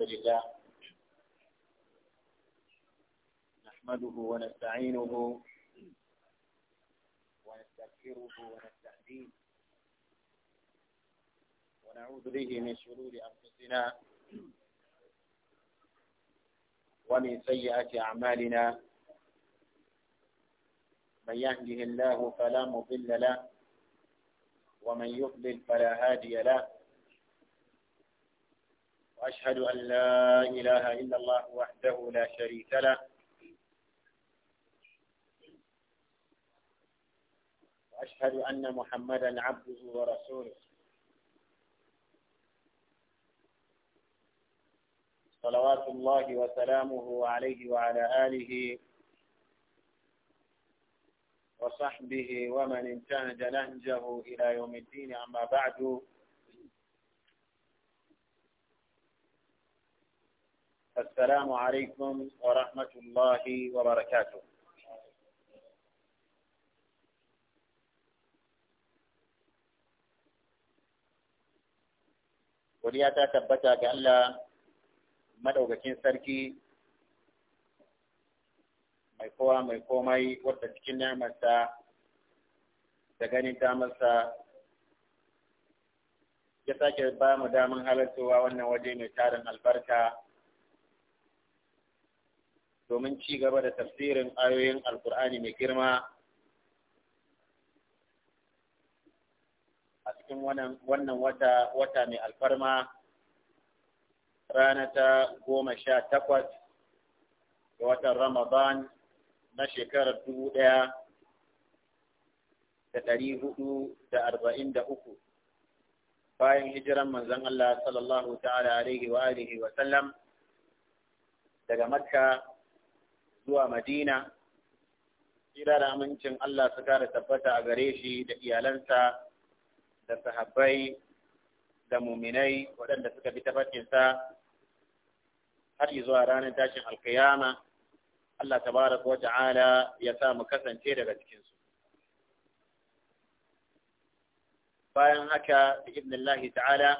الحمد لله نحمده ونستعينه ونستغفره ونستهديه ونعوذ به من شرور أنفسنا ومن سيئات أعمالنا من يهده الله فلا مضل له ومن يضلل فلا هادي له وأشهد أن لا إله إلا الله وحده لا شريك له وأشهد أن محمدا عبده ورسوله صلوات الله وسلامه عليه وعلى آله وصحبه ومن انتهج نهجه إلى يوم الدين أما بعد السلام عليكم ورحمة الله وبركاته وليا تتبتا قال مدعو بكين سركي ميقوى ميقوى مي وتتكين نعمة سا تغني تعمل سا يساك الباب مدامن هلسوا وانا وجين تارم البركة البركة domin ci gaba da tafsirin ayoyin alkur'ani mai girma a cikin wannan wata wata mai alfarma rana ta goma sha takwas ga watan ramadan na shekarar dubu ɗaya da ɗari hudu da arba'in da uku bayan hijiran manzon Allah sallallahu ta'ala alaihi wa alihi wa sallam daga makka zuwa Madina kira da amincin Allah su kara tabbata a gare shi da iyalansa da sahabbai da muminai waɗanda suka bi tafarkinsa har zuwa ranar tashin alkiyama Allah tabaraka wa ta'ala ya sa mu kasance daga cikinsu bayan haka da ibnillahi ta'ala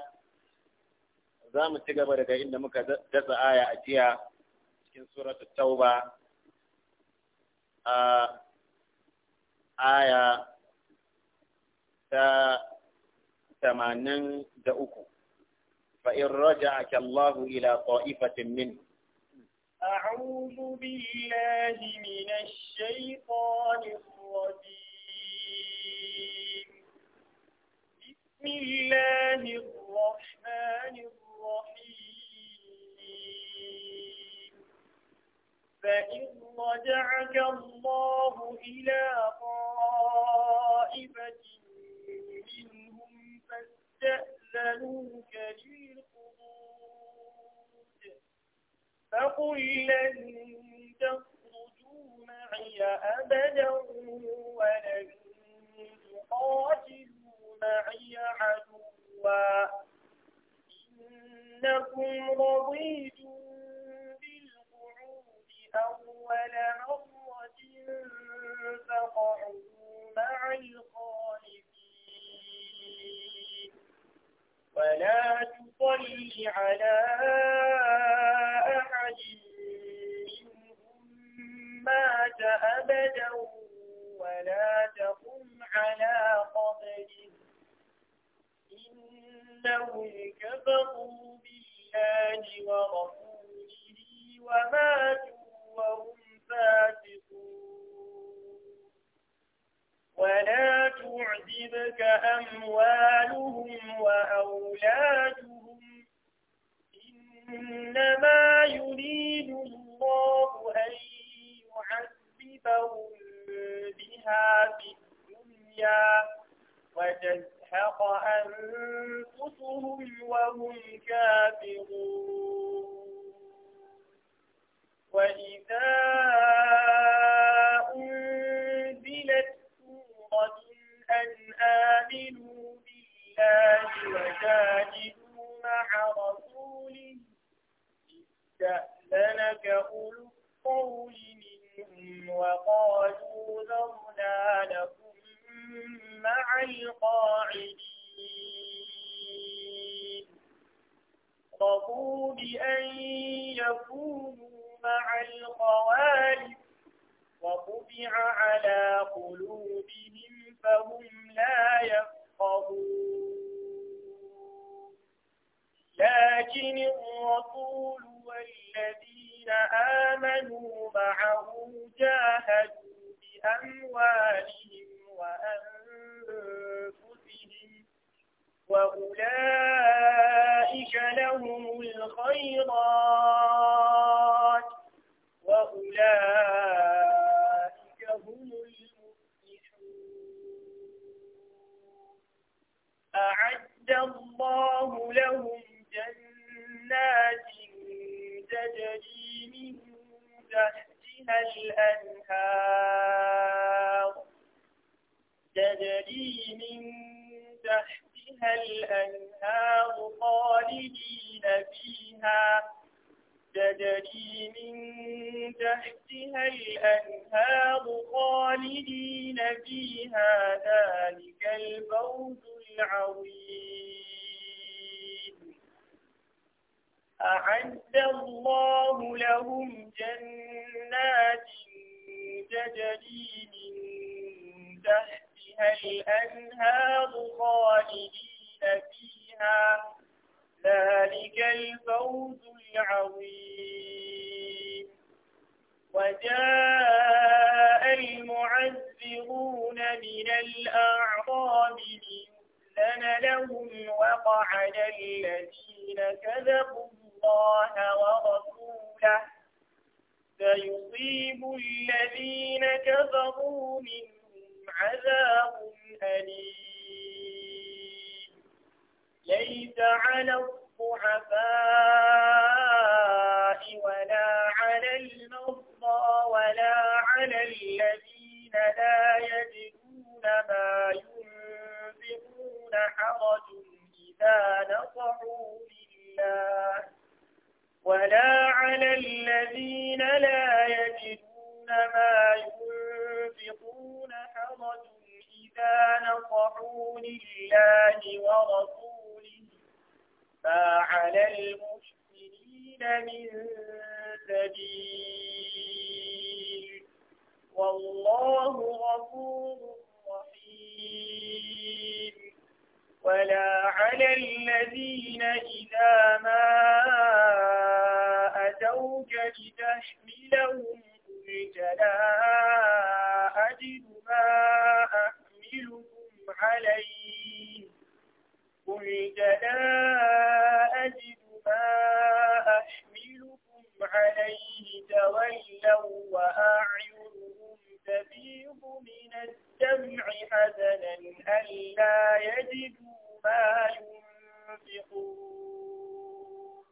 za mu ci gaba daga inda muka dasa aya a jiya cikin suratul tauba a aya ta tamanin da uku fa'in raja ake Allahu ila ta'ifatin min أعوذ بالله من الشيطان الرجيم بسم الله الرحمن الرحيم فإن رجعك الله إلى طائفة منهم فاستأذنوك للخروج فقل لن تخرجوا معي أبدا ولن تقاتلوا معي عدوا إنكم رضيتم أول مرة فقعوا مع الخالفين ولا تصل على أحد منهم مات أبدا ولا تقم على قبره إنهم كفروا بالله ورسوله وماتوا وهم فاسقون ولا تعجبك أموالهم وأولادهم إنما يريد الله أن يعذبهم بها في الدنيا وتزهق أنفسهم وهم كافرون وإذا أنزلت سورة أن آمنوا بالله مع رسوله القول منهم وقالوا ذرنا لكم مع القاعدين رضوا بأن يكونوا مع الخوارج وطبع على قلوبهم فهم لا يفقهون لكن الرسول والذين آمنوا معه جاهدوا بأموالهم وأنفسهم وأولئك لهم الخيرات وأولئك هم المفلحون أعد الله لهم جنات تجري من تحتها الأنهار تجري من تحتها الأنهار خالدين فيها تجري من تحتها الأنهار خالدين فيها ذلك الفوز العظيم أعد الله لهم جنات تجري من تحتها الأنهار خالدين فيها ذلك الفوز العظيم وجاء المعذرون من الأعراب ليؤذن لهم وقعد الذين كذبوا الله ورسوله سيصيب الذين كفروا منهم عذاب أليم ليس على الضعفاء ولا على المرضى ولا على الذين لا يجدون ما ينفقون حرج إذا نصحوا لله ولا على الذين لا يجدون ما ينفقون حرج إذا نصحوا لله ورسوله ما على المحسنين من سبيل والله غفور رحيم ولا على الذين إذا ما أتوك لتحملهم قلت لا أجد ما أحملهم عليه قل لا أجد ما أحملكم عليه تولوا وأعينهم تفيض من الدمع حزنا ألا يجدوا ما ينفقون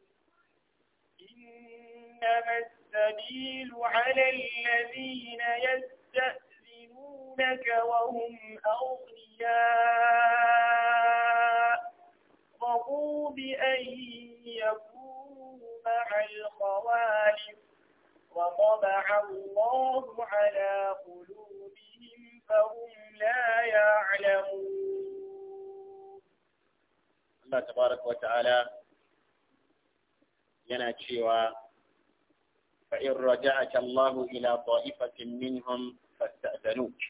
إنما السبيل على الذين يستأذنونك وهم أغنياء رفضوا بأن يكونوا مع الخوالف وطبع الله على قلوبهم فهم لا يعلمون الله تبارك وتعالى يناتشيوا فإن رجعك الله إلى طائفة منهم فاستأذنوك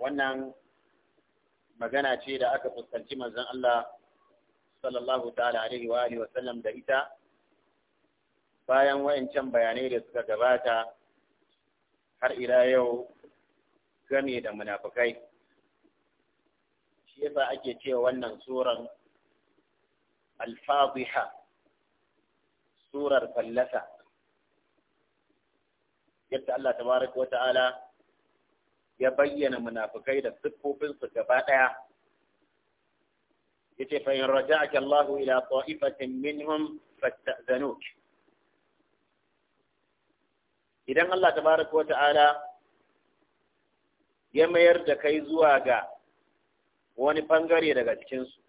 wannan magana ce da aka fuskanci manzon Allah sallallahu ta'ala alaihi wa alihi wasallam da ita bayan wayancan bayanai da suka gabata har ila yau game da munafukai shi yasa ake cewa wannan suran al fadhiha surar fallasa yadda Allah tabaraka wa ta'ala ya bayyana munafikai da siffofinsu gaba ɗaya yace fa in raja'aka Allah ila ta'ifatin minhum fasta'zanuk idan Allah tabaraka wa ta'ala ya mayar da kai zuwa ga wani bangare daga cikin su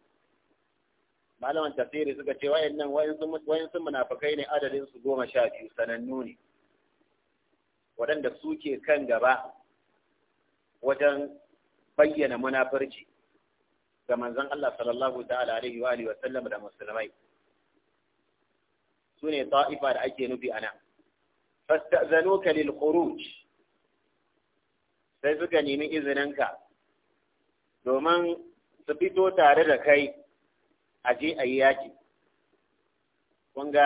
malaman tafsiri suka ce wayannan wayan sun munafikai ne adadin su goma sha biyu sanannu ne waɗanda suke kan gaba wajen bayyana munafurci ga manzon Allah sallallahu ta'ala alaihi wa alihi wa sallam da musulmai sune ta'ifa da ake nufi ana fasta'zanuka lil khuruj sai suka nemi izininka domin su fito tare da kai a je a yi yaki kun ga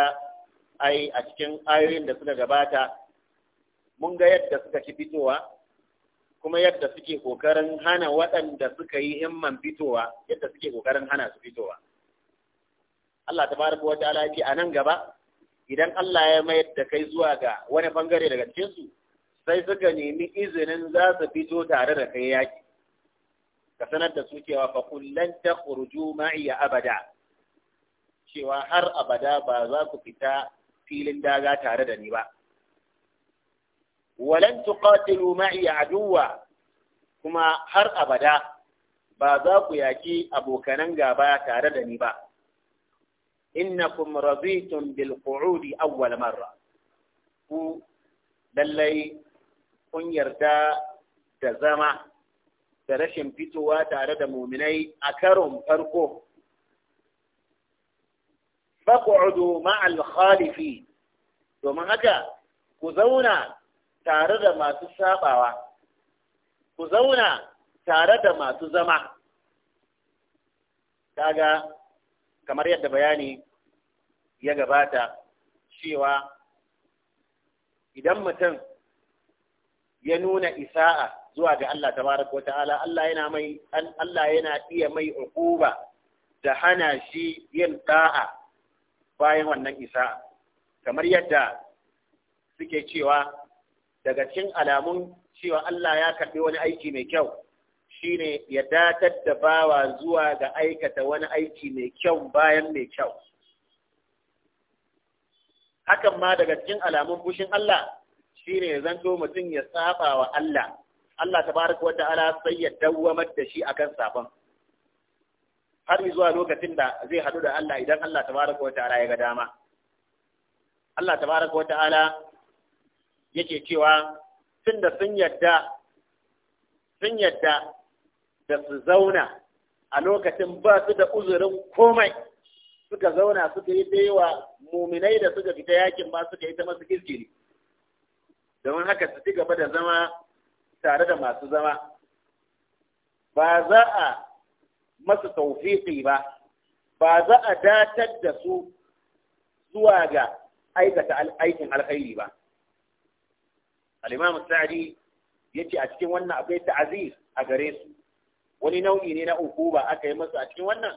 ai a cikin ayoyin da suka gabata mun ga yadda suka ci fitowa kuma yadda suke kokarin hana waɗanda suka yi himman fitowa yadda suke kokarin hana su fitowa Allah tabaraka wata'ala wata alaƙi a nan gaba idan Allah ya mayar da kai zuwa ga wani bangare daga cikin su sai suka nemi izinin za su fito tare da kai yaki ka sanar da su cewa fa kullan ma'i abada cewa har abada ba za ku fita filin daga tare da ni ba Walantu tuqatilu ma'i aduwa kuma har abada ba za ku yaki abokanan gaba tare da ni ba innakum raditun bil qu'udi awwal marra ku lallai kun yarda da zama da rashin fitowa tare da muminai a karon farko faqudu ma'al khalifi domin haka ku zauna tare da masu sabawa ku zauna tare da masu zama kaga kamar yadda bayani ya gabata cewa idan mutum ya nuna isa'a zuwa ga Allah wa ta'ala Allah yana mai Allah yana iya mai uquba da hana shi yin ta'a bayan wannan isa'a kamar yadda suke cewa daga cikin alamun cewa Allah ya karɓi wani aiki mai kyau shine ya datar da bawa zuwa ga aikata wani aiki mai kyau bayan mai kyau hakan ma daga cikin alamun bushin Allah shine ya zanto mutum ya saba wa Allah Allah tabaraka wa ta'ala sai ya dawwamar da shi akan sabon har zuwa lokacin da zai haɗu da Allah idan Allah tabaraka wa ta'ala ya ga dama Allah tabaraka wa ta'ala yake cewa tun da sun yadda sun yadda da su zauna a lokacin ba su da uzurin komai suka zauna suka yi ta yi wa muminai da suka fita yakin ba suka yi ta masu kirkiri domin haka su ci gaba da zama tare da masu zama ba za a masu taufiƙi ba ba za a datar da su zuwa ga aikata aikin alkhairi ba al-imam sa'di yace a cikin wannan akwai ta'zir a gare su wani nau'i ne na ukuba aka yi masa a cikin wannan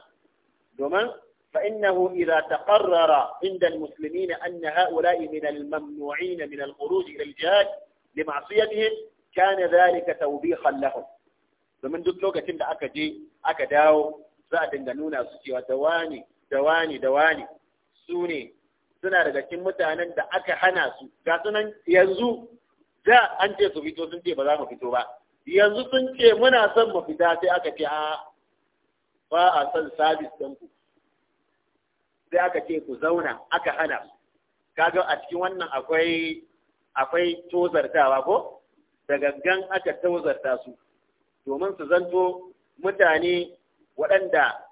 domin fa innahu idza taqarrara inda al-muslimin anna ha'ula'i min al-mamnu'in min al-khuruj ila al-jihad li ma'siyatihim kana dhalika tawbihan lahum domin duk lokacin da aka je aka dawo za a dinga nuna su cewa dawani dawani dawani su ne suna daga cikin mutanen da aka hana su ga sunan yanzu da an ce su fito sun ce ba za mu fito ba yanzu sun ce muna son mu fita sai aka ce a ba a son sabis ɗin ku sai aka ce ku zauna aka hana kaga a cikin wannan akwai akwai tozartawa ko da gangan aka tozarta su domin su zanto mutane waɗanda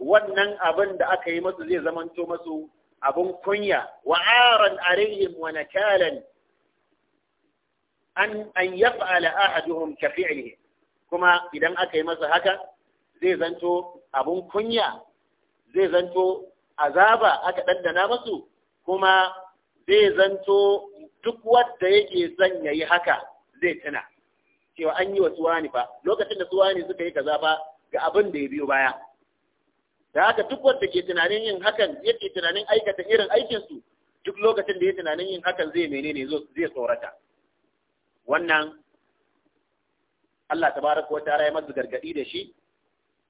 wannan abin da aka yi masu zai zamanto masu abin kunya wa'aran arihim wa kyalan. an an yaf'ala ahaduhum ka fi'lihi kuma idan aka yi masa haka zai zanto abun kunya zai zanto azaba aka ɗanɗana masu kuma zai zanto duk wanda yake son ya haka zai tuna cewa an yi wa suwani fa lokacin da suwani suka yi kaza fa ga abin da ya biyo baya da haka duk wanda ke tunanin yin hakan yake tunanin aikata irin aikinsu duk lokacin da ya tunanin yin hakan zai menene zai tsorata wannan Allah tabaraka wa ta'ala ya masu gargadi da shi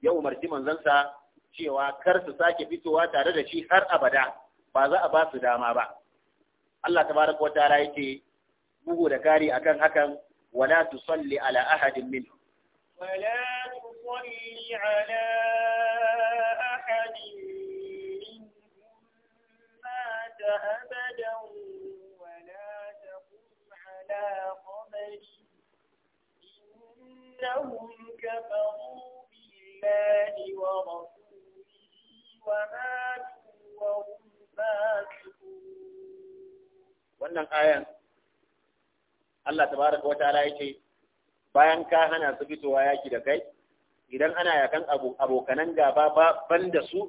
ya umarci manzansa cewa kar su sake fitowa tare da shi har abada ba za a ba su dama ba Allah tabaraka wa ta'ala yake bugu da kari akan hakan wala tusalli ala ahadin minhum wala tusalli ala إنهم كفروا بالله ورسوله وماتوا وهم فاسقون wannan ayan Allah tabaraka wa ta'ala yake bayan ka hana su fitowa yaki da kai idan ana yakan abokanan gaba ba ban da su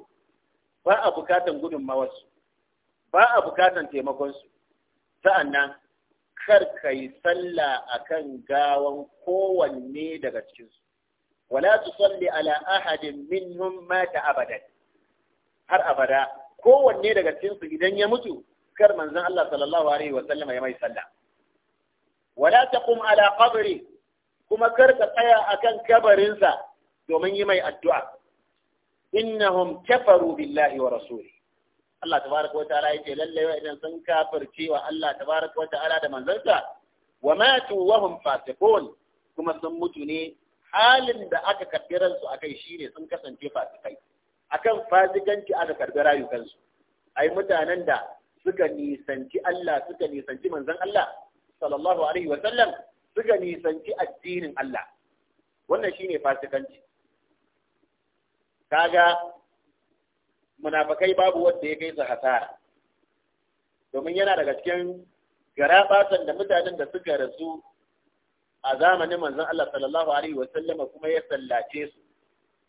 ba a bukatan mawarsu ba a bukatan taimakonsu sa'annan kar ka yi sallah akan gawan kowanne daga cikinsu wala salli ala ahadin minhum mata abadan har abada kowanne daga cikinsu idan ya mutu kar manzon Allah sallallahu alaihi sallama ya mai sallah wala taqum ala qabri kuma kar ka tsaya akan kabarinsa domin yi mai addu'a innahum kafaru billahi wa rasuli Allah tabaraka wa ta'ala yake lalle wa idan sun kafirce wa Allah tabaraka wa ta'ala da manzansa wa matu wa hum fasiqun kuma sun mutu ne halin da aka karbi ransu akai shine sun kasance fasikai akan fasikanci aka karbi rayukansu ai mutanen da suka nisanci Allah suka nisanci manzon Allah sallallahu alaihi wa sallam suka nisanci addinin Allah wannan shine fasikanci kaga munafakai babu wanda ya kai su hasara domin yana daga cikin garabatan da mutanen da suka rasu a zamanin manzon Allah sallallahu alaihi wa sallama kuma ya sallace su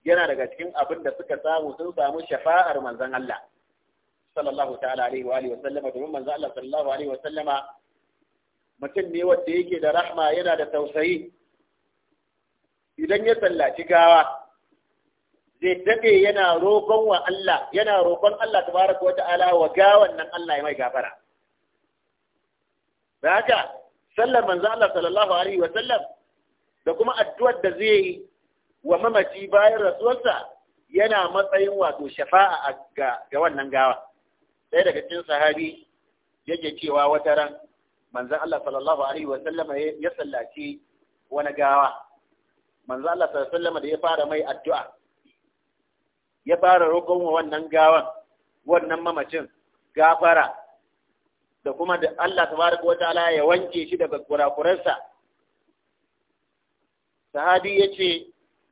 yana daga cikin abin da suka samu sun samu shafa'ar manzon Allah sallallahu ta'ala alaihi wa alihi wa sallama domin manzon Allah sallallahu alaihi wa sallama mutum ne wanda yake da rahma yana da tausayi idan ya sallaci gawa zai dade yana roƙon wa Allah yana roƙon Allah tabaraka wa ta'ala wa gawan nan Allah ya mai gafara da haka sallar manzo Allah sallallahu alaihi wa sallam da kuma addu'ar da zai yi wa mamaci bayan rasuwarsa yana matsayin wato shafa'a ga ga wannan gawa sai daga cikin sahabi yake cewa wata ran manzo Allah sallallahu alaihi wa sallam ya sallaci wani gawa manzo Allah sallallahu alaihi wa sallam da ya fara mai addu'a ya fara roƙon wa wannan gawan wannan mamacin gafara da kuma da Allah tabaraka wa ta'ala ya wanke shi daga kurakuransa sahabi ce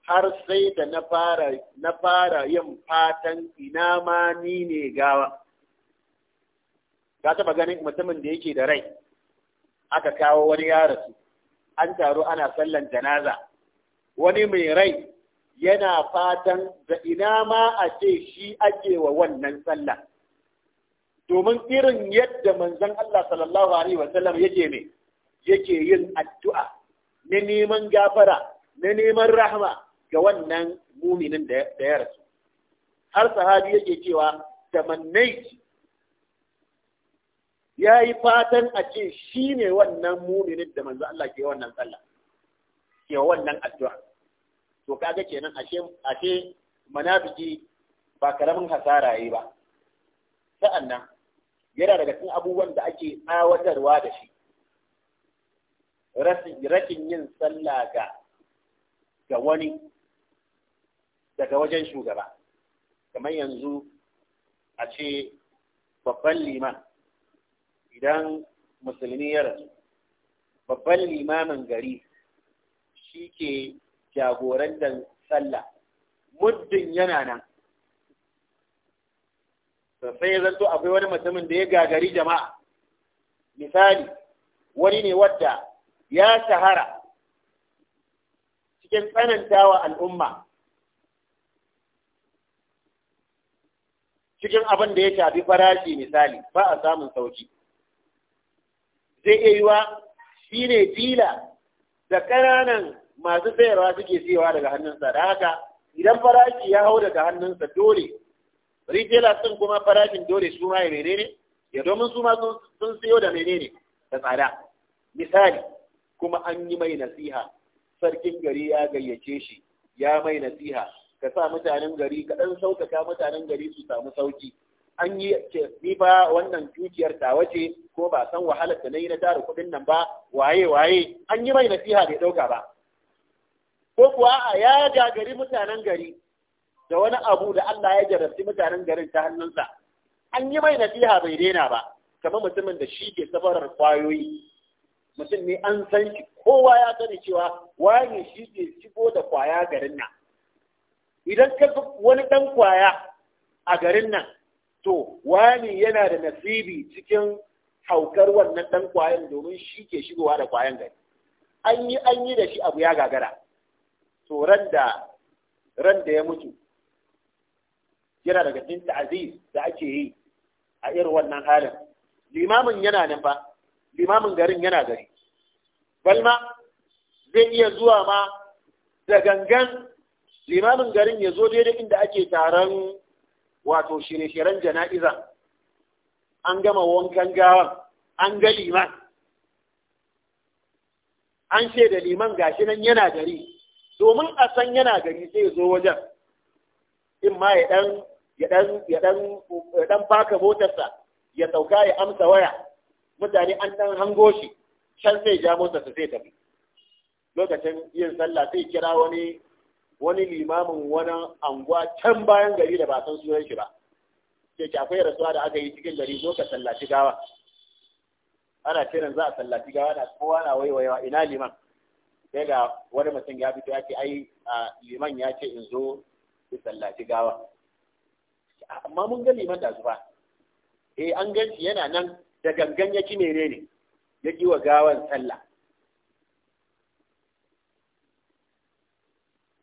har sai da na fara na fara yin fatan ina ma ni ne gawa ka taba ganin mutumin da yake da rai aka kawo wani ya su. an taru ana sallan janaza wani mai rai yana fatan da ina ma a ce shi ake wa wannan sallah domin irin yadda manzon Allah sallallahu alaihi wasallam yake ne yake yin addu'a na neman gafara na neman rahama, ga wannan muminin da ya rasu har sahabi yake cewa tamannai ya yi fatan a ce shi ne wannan muminin da manzo Allah ke wannan sallah ke wannan addu'a to kaga kenan ashe ashe manabiji ba karamin hasara yayi ba sa'annan yana daga cikin abubuwan da ake tsawatarwa da shi rashin yin sallah ga ga wani daga wajen shugaba kamar yanzu a ce babban liman idan musulmi ya rasu babban limamin gari shi ke jagorantar sallah muddin yana nan sai ya zanto akwai wani mutumin da ya gagari jama'a misali wani ne wadda ya shahara cikin tsanantawa al'umma cikin abin da ya shafi farashi misali ba a samun sauki zai iya yiwa shi ne dila da ƙananan masu tsayarwa suke siyawa daga hannunsa da haka idan farashi ya hau daga hannunsa dole retailers sun kuma farashin dole su ma ya menene ya domin su ma sun siyo da menene da tsada misali kuma an yi mai nasiha sarkin gari ya gayyace shi ya mai nasiha ka sa mutanen gari ka dan sauƙaƙa mutanen gari su samu sauƙi. an yi ni fa wannan dukiyar ta wace ko ba san wahalar da na yi na tara kuɗin nan ba waye waye an yi mai nasiha bai ɗauka ba ko kuwa a ya gagari mutanen gari da wani abu da Allah ya jarabci mutanen garin ta hannunsa an yi mai nasiha bai daina ba kamar mutumin da shi ke safarar kwayoyi mutum ne an san shi kowa ya sani cewa wani shi ke shigo da kwaya garin nan idan ka wani ɗan kwaya a garin nan to wani yana da nasibi cikin haukar wannan dan kwayan domin shi ke shigowa da kwayan gari an yi an yi da shi abu ya gagara to ran da ran da ya mutu yana daga cikin ta'aziz da ake yi a irin wannan halin limamin yana nan ba, limamin garin yana gari balma zai iya zuwa ma da gangan limamin garin ya zo daidai inda ake taron wato shirye-shiryen jana'iza an gama wankan gawan an ga liman an ce da liman gashi nan yana gari domin a san yana gari sai zo wajen in ma ya dan ya dan ya dan ya dan baka motarsa ya sauka ya amsa waya mutane an dan hango shi can sai ja motarsa sai tafi lokacin yin sallah sai kira wani wani limamin wani anguwa can bayan gari da ba san sunan shi ba sai ki akwai rasuwa da aka yi cikin gari zo ka sallaci gawa ana kiran za a sallaci gawa da kowa na waiwayewa ina liman sai da wani mutum ya fito ya ce ai liman ya ce in zo su sallaci gawa amma mun ga liman da zuba eh an gan shi yana nan da gangan ya ci ne, ya ki wa gawan sallah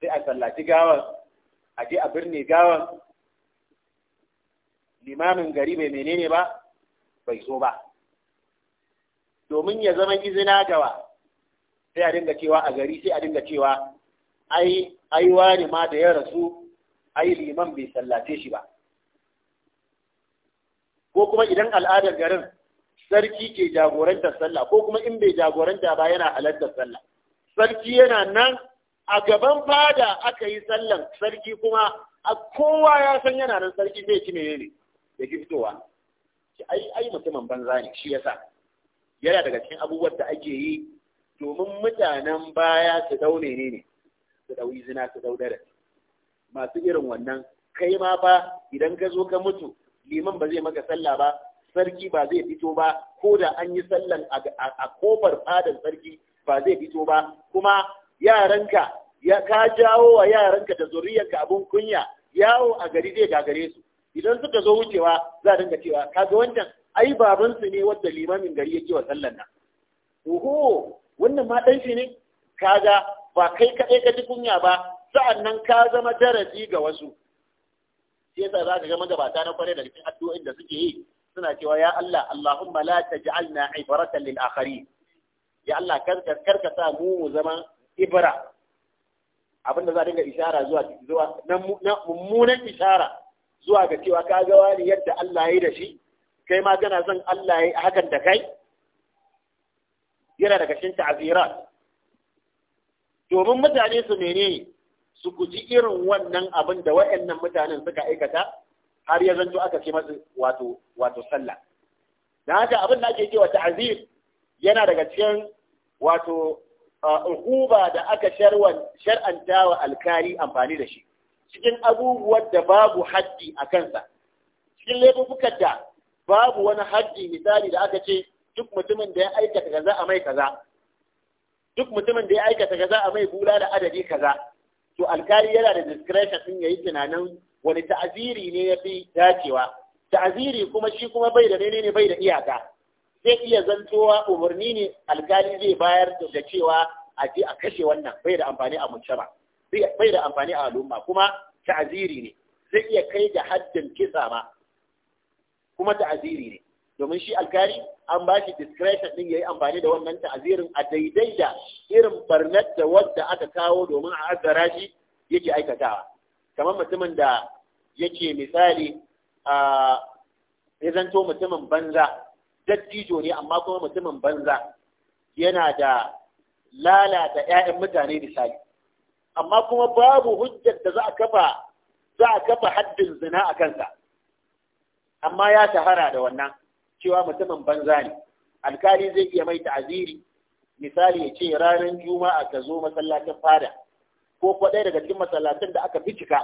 sai a sallaci gawan a je a birni gawan limamin gari bai menene ba bai so ba domin ya zama izina gawa sai a dinga cewa a gari sai a dinga cewa ai ai wani ma da ya rasu ai liman bai sallace shi ba ko kuma idan al'adar garin sarki ke jagorantar sallah ko kuma in bai jagoranta ba yana halartar sallah sarki yana nan a gaban fada aka yi sallan sarki kuma a kowa ya san yana nan sarki zai ci menene da ki fitowa ai ai mutumin banza ne shi yasa yana daga cikin abubuwan da ake yi domin mutanen baya su daune ne ne su ɗauyi zina su daudara masu irin wannan kai ma ba idan ka zo ka mutu liman ba zai maka sallah ba sarki ba zai fito ba ko da an yi sallan a kofar fadar sarki ba zai fito ba kuma yaranka ya ka jawo wa yaranka da zuriyarka abun kunya yawo a gari zai gagare su idan suka zo wucewa za a dinga cewa kaga wancan ai babansu ne wanda limamin gari yake wa sallan nan oho wannan ma ɗan shi ne kaga ba kai kaɗai ka ji kunya ba sa'an nan ka zama darasi ga wasu shi yasa za ka ga magabata na kwarai da cikin addu'o'in da suke yi suna cewa ya Allah Allahumma la taj'alna ibratan lil akharin ya Allah kar karka sa mu mu zama ibra abinda za dinga ishara zuwa zuwa nan mummunan isara zuwa ga cewa ka ga wani yadda Allah ya da shi kai ma kana son Allah ya hakan da kai yana daga cikin ta'zirat domin mutane su menene su guji irin wannan abin da wayannan mutanen suka aikata har ya zanto aka ce masu wato wato sallah da haka abin da ake wa ta'zir yana daga cikin wato uhuba da aka shar'anta wa alkali amfani da shi cikin abubuwan da babu haddi a kansa cikin laifukan da babu wani haddi misali da aka ce duk mutumin da ya aikata kaza a mai kaza duk mutumin da ya aikata kaza a mai bula da adadi kaza to alkali yana da discretion din yayi tunanin wani ta'ziri ne ya fi dacewa ta'ziri kuma shi kuma bai da ne bai da iyaka zai iya zantowa umarni ne alkali zai bayar da cewa a je a kashe wannan bai da amfani a mujtama bai da amfani a al'umma kuma ta'ziri ne zai iya kai da haddin kisa ma kuma ta'ziri ne domin shi alkali an ba shi discretion din yayi amfani da wannan ta'azirin a daidai da irin barnat da wadda aka kawo domin a azara shi yake aikatawa kamar mutumin da yake misali a ya zanto mutumin banza dattijo ne amma kuma mutumin banza yana da lalata 'ya'yan mutane misali amma kuma babu hujjar da za a kafa za a kafa haddin zina a kansa amma ya tahara da wannan cewa mutumin banza ne alkali zai iya mai ta'aziri misali ya ce ranar juma'a ka zo masallacin fada ko kwaɗai daga cikin masallacin da aka fi cika.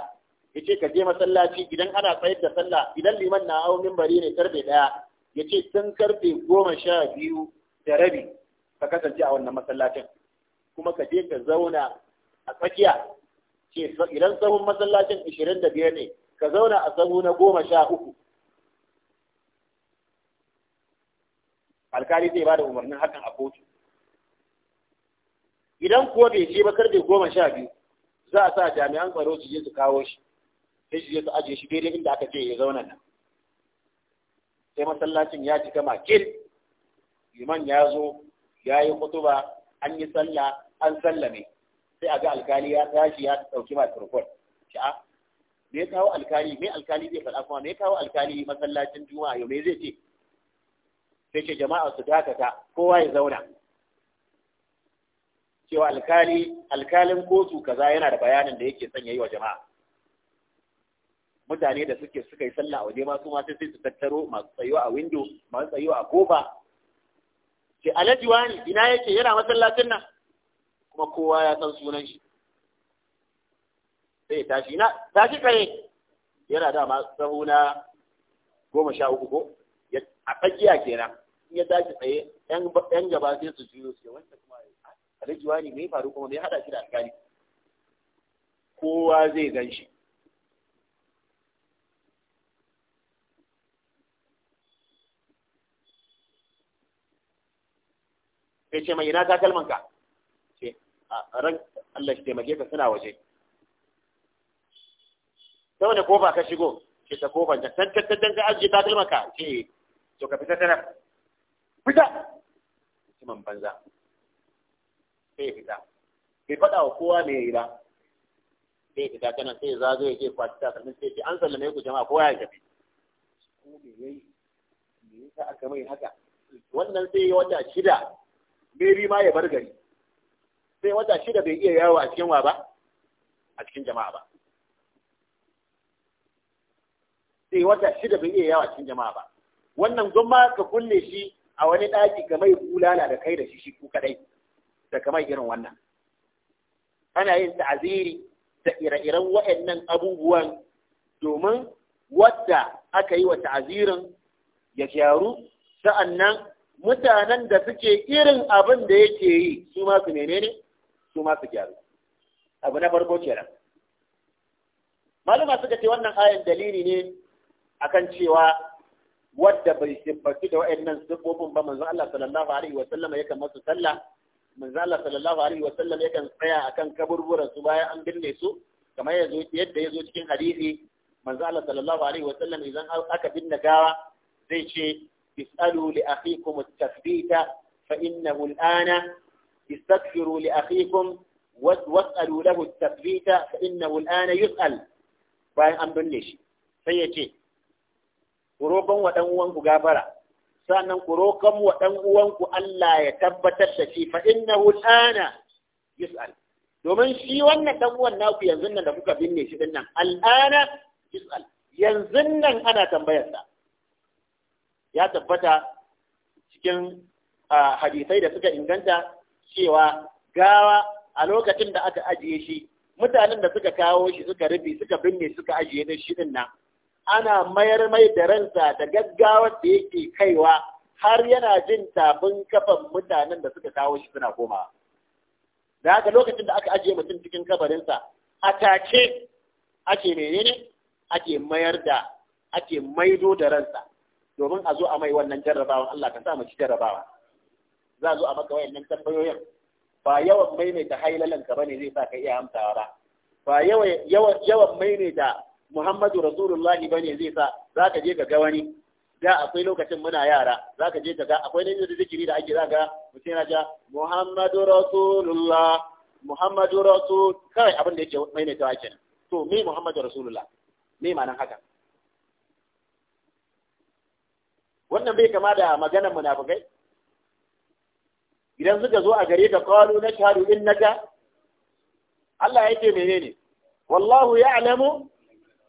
ya ce ka je masallaci idan ana tsayar da sallah idan liman na hau mimbari ne karfe ɗaya ya ce sun karfe goma sha biyu da rabi ka kasance a wannan masallacin kuma ka je ka zauna a tsakiya ce idan sahun masallacin ishirin da biyar ne ka zauna a sahu na goma sha uku alkali zai bada umarnin hakan a kotu idan kuwa bai je ba karfe goma sha biyu za a sa jami'an tsaro su je su kawo shi sai su je su ajiye shi daidai inda aka ce ya zauna nan sai masallacin ya cika makil liman ya zo ya yi kutuba an yi sallah an sallame sai a ga alkali ya tashi ya ɗauki microphone sha'a ah, me ya kawo alkali me alkali zai faɗa kuma me ya kawo alkali masallacin juma'a yau me zai ce sai ce jama'a su dakata kowa ya zauna cewa alkali alkalin kotu kaza yana da bayanin da yake son yayi wa jama'a mutane da suke suka yi sallah a waje ma su ma sai su tattaro masu tsayuwa a window masu tsayuwa a kofa ce alhaji wani ina yake yana masallacin nan kuma kowa ya san sunan shi sai ya tashi na tashi kai yana da ma sahuna na goma sha uku ko a tsakiya kenan ya tashi tsaye yan gaba sai su juyo su wanda kuma mai faru kuma mai hada shi da alkali kowa zai gan shi sai ce mai ina takalmanka ce a ran Allah shi taimake ka suna waje ta wani kofa ka shigo ke ta kofa ta tantantan ka ajiye ce to ka fita ta fita mutumin banza sai fita bai faɗa wa kowa me yi ba sai fita kana sai ya zazo ya ce kwaci ta sannan sai ce an sallame ku jama'a kowa ya tafi ko me yayi me yasa aka mai haka wannan sai ya wata shida bi ma ya bar gari sai wata shida bai iya yawo a cikin wa ba a cikin jama'a ba sai wata shida bai iya yawo a cikin jama'a ba wannan gwamma ka kulle shi a wani ɗaki ka mai bulala da kai da shi shi ku kadai da kamar irin wannan ana yin ta'aziri da ire-iren waɗannan abubuwan domin wadda aka yi wa ta'azirin ya gyaru sa'annan mutanen da suke irin abin da yake yi su ma su menene su ma su gyaru abu na farko kenan maluma suka ce wannan ayan dalili ne akan cewa wadda bai siffatu da wa'annan siffofin ba manzon Allah sallallahu alaihi wa sallam yakan masu sallah manzon Allah sallallahu alaihi wa sallam yakan tsaya akan kaburburan su bayan an binne su kamar yadda ya zo cikin hadisi manzon Allah sallallahu alaihi wa sallam idan aka binne gawa zai ce is'alu li akhikum at-tathbita fa innahu al-ana istaghfiru li akhikum was'alu lahu at-tathbita fa innahu al-ana yus'al bayan an binne shi sai ya ce ku roƙon wa ɗan uwanku gafara sannan ku roƙon wa ɗan uwanku Allah ya tabbatar da shi fa innahu al'ana yus'al domin shi wannan ɗan uwan naku yanzu nan da kuka binne shi din nan al'ana yus'al yanzu nan ana tambayar sa ya tabbata cikin hadisai da suka inganta cewa gawa a lokacin da aka ajiye shi mutanen da suka kawo shi suka rufe suka binne suka ajiye shi din nan ana mayar mai da ransa da gaggawar da yake kaiwa har yana jin tafin kafan mutanen da suka kawo shi suna koma. Da haka lokacin da aka ajiye mutum cikin kabarinsa, a tace ake menene ake mayar da ake maido da ransa domin a zo a mai wannan jarrabawan Allah ka sa mu ci jarrabawa. Za zo a maka wayannan tambayoyin ba yawan maimaita hailalanka ba ne zai sa ka iya amsawa ba. Ba yawan maimaita Muhammadu ba bane zai sa za ka je ka ga wani da akwai lokacin muna yara za ka je ka ga akwai nan da zikiri da ake za ga mutum yana ja Muhammadu Rasulullah Muhammadu Rasul kawai abin da yake maimaitawa kenan to me Muhammadu Rasulullah me nan haka wannan bai kama da maganar munafikai idan suka zo a gare ka qalu nashhadu innaka Allah yake menene wallahu ya'lamu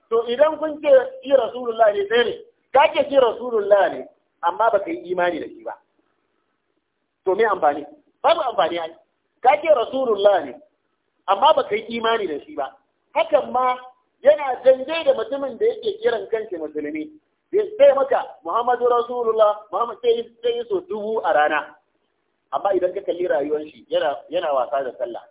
to idan kun ce yi rasulullah ne sai ne ka ce shi rasulullah ne amma ka yi imani da shi ba to me amfani babu amfani ai ka ke rasulullah ne amma ka yi imani da shi ba hakan ma yana dangane da mutumin da yake kiran kanshi musulmi sai maka Muhammadu Rasulullah Muhammad sai sai so dubu a rana amma idan ka kalli rayuwar shi yana yana wasa da sallah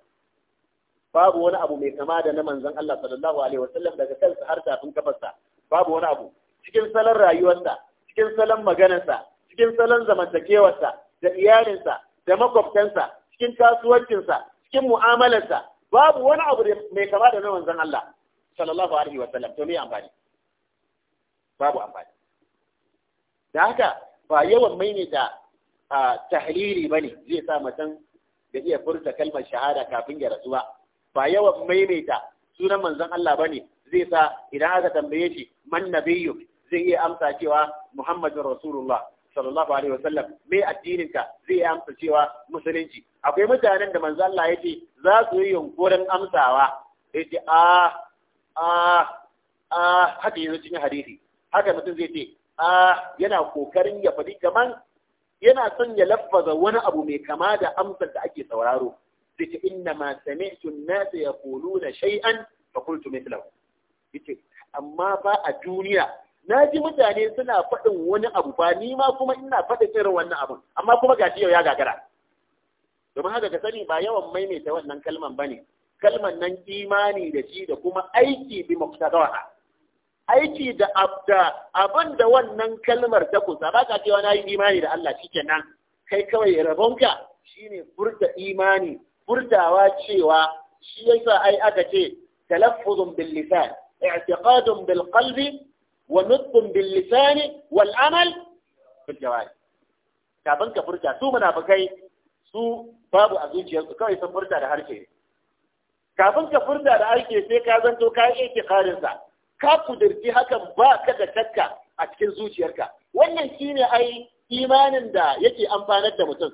babu wani abu mai kama da na manzon Allah sallallahu alaihi wasallam daga kansa har tafin kafarsa babu wani abu cikin salon rayuwarsa cikin salon maganarsa cikin salon zamantakewarsa da iyalinsa da makwabtansa cikin kasuwancinsa cikin mu'amalarsa babu wani abu mai kama da na manzon Allah sallallahu alaihi wasallam to me amfani babu amfani da haka ba yawan maimaita tahlili bane zai sa mutum da iya furta kalmar shahada kafin ya rasu ba ba yawan maimaita sunan manzon Allah bane zai sa idan aka tambaye shi man nabiyyu zai iya amsa cewa Muhammadur Rasulullah sallallahu alaihi wasallam me addinin ka zai iya amsa cewa musulunci akwai mutanen da manzon Allah ce za su yi yunkurin amsawa ce a a a haka yanzu cikin hadisi haka mutum zai ce a yana kokarin ya faɗi kaman yana son ya laffaza wani abu mai kama da amsar da ake sauraro sai inna ma sami'tu an-nas yaquluna shay'an fa qultu mithlahu yace amma ba a duniya na ji mutane suna faɗin wani abu ba ni ma kuma ina faɗin irin wannan abun amma kuma gashi yau ya gagara domin haka ka sani ba yawan maimaita wannan kalman bane kalman nan imani da shi da kuma aiki bi muqtadaha aiki da abda abin da wannan kalmar ta kusa ba ka cewa na yi imani da Allah shikenan kai kawai rabonka shine furta imani furtawa cewa shi yasa ai aka ce talaffuzun bil lisan i'tiqadun bil qalbi wa nutqun bil lisan wal amal bil jawari kafin ka furta su munafikai su babu a zuciyarsu kawai sun furta da harshe kafin ka furta da harshe sai ka zanto ka yi i'tiqadin sa ka kudirci hakan ba ka da takka a cikin zuciyarka wannan shine ai imanin da yake amfanar da mutum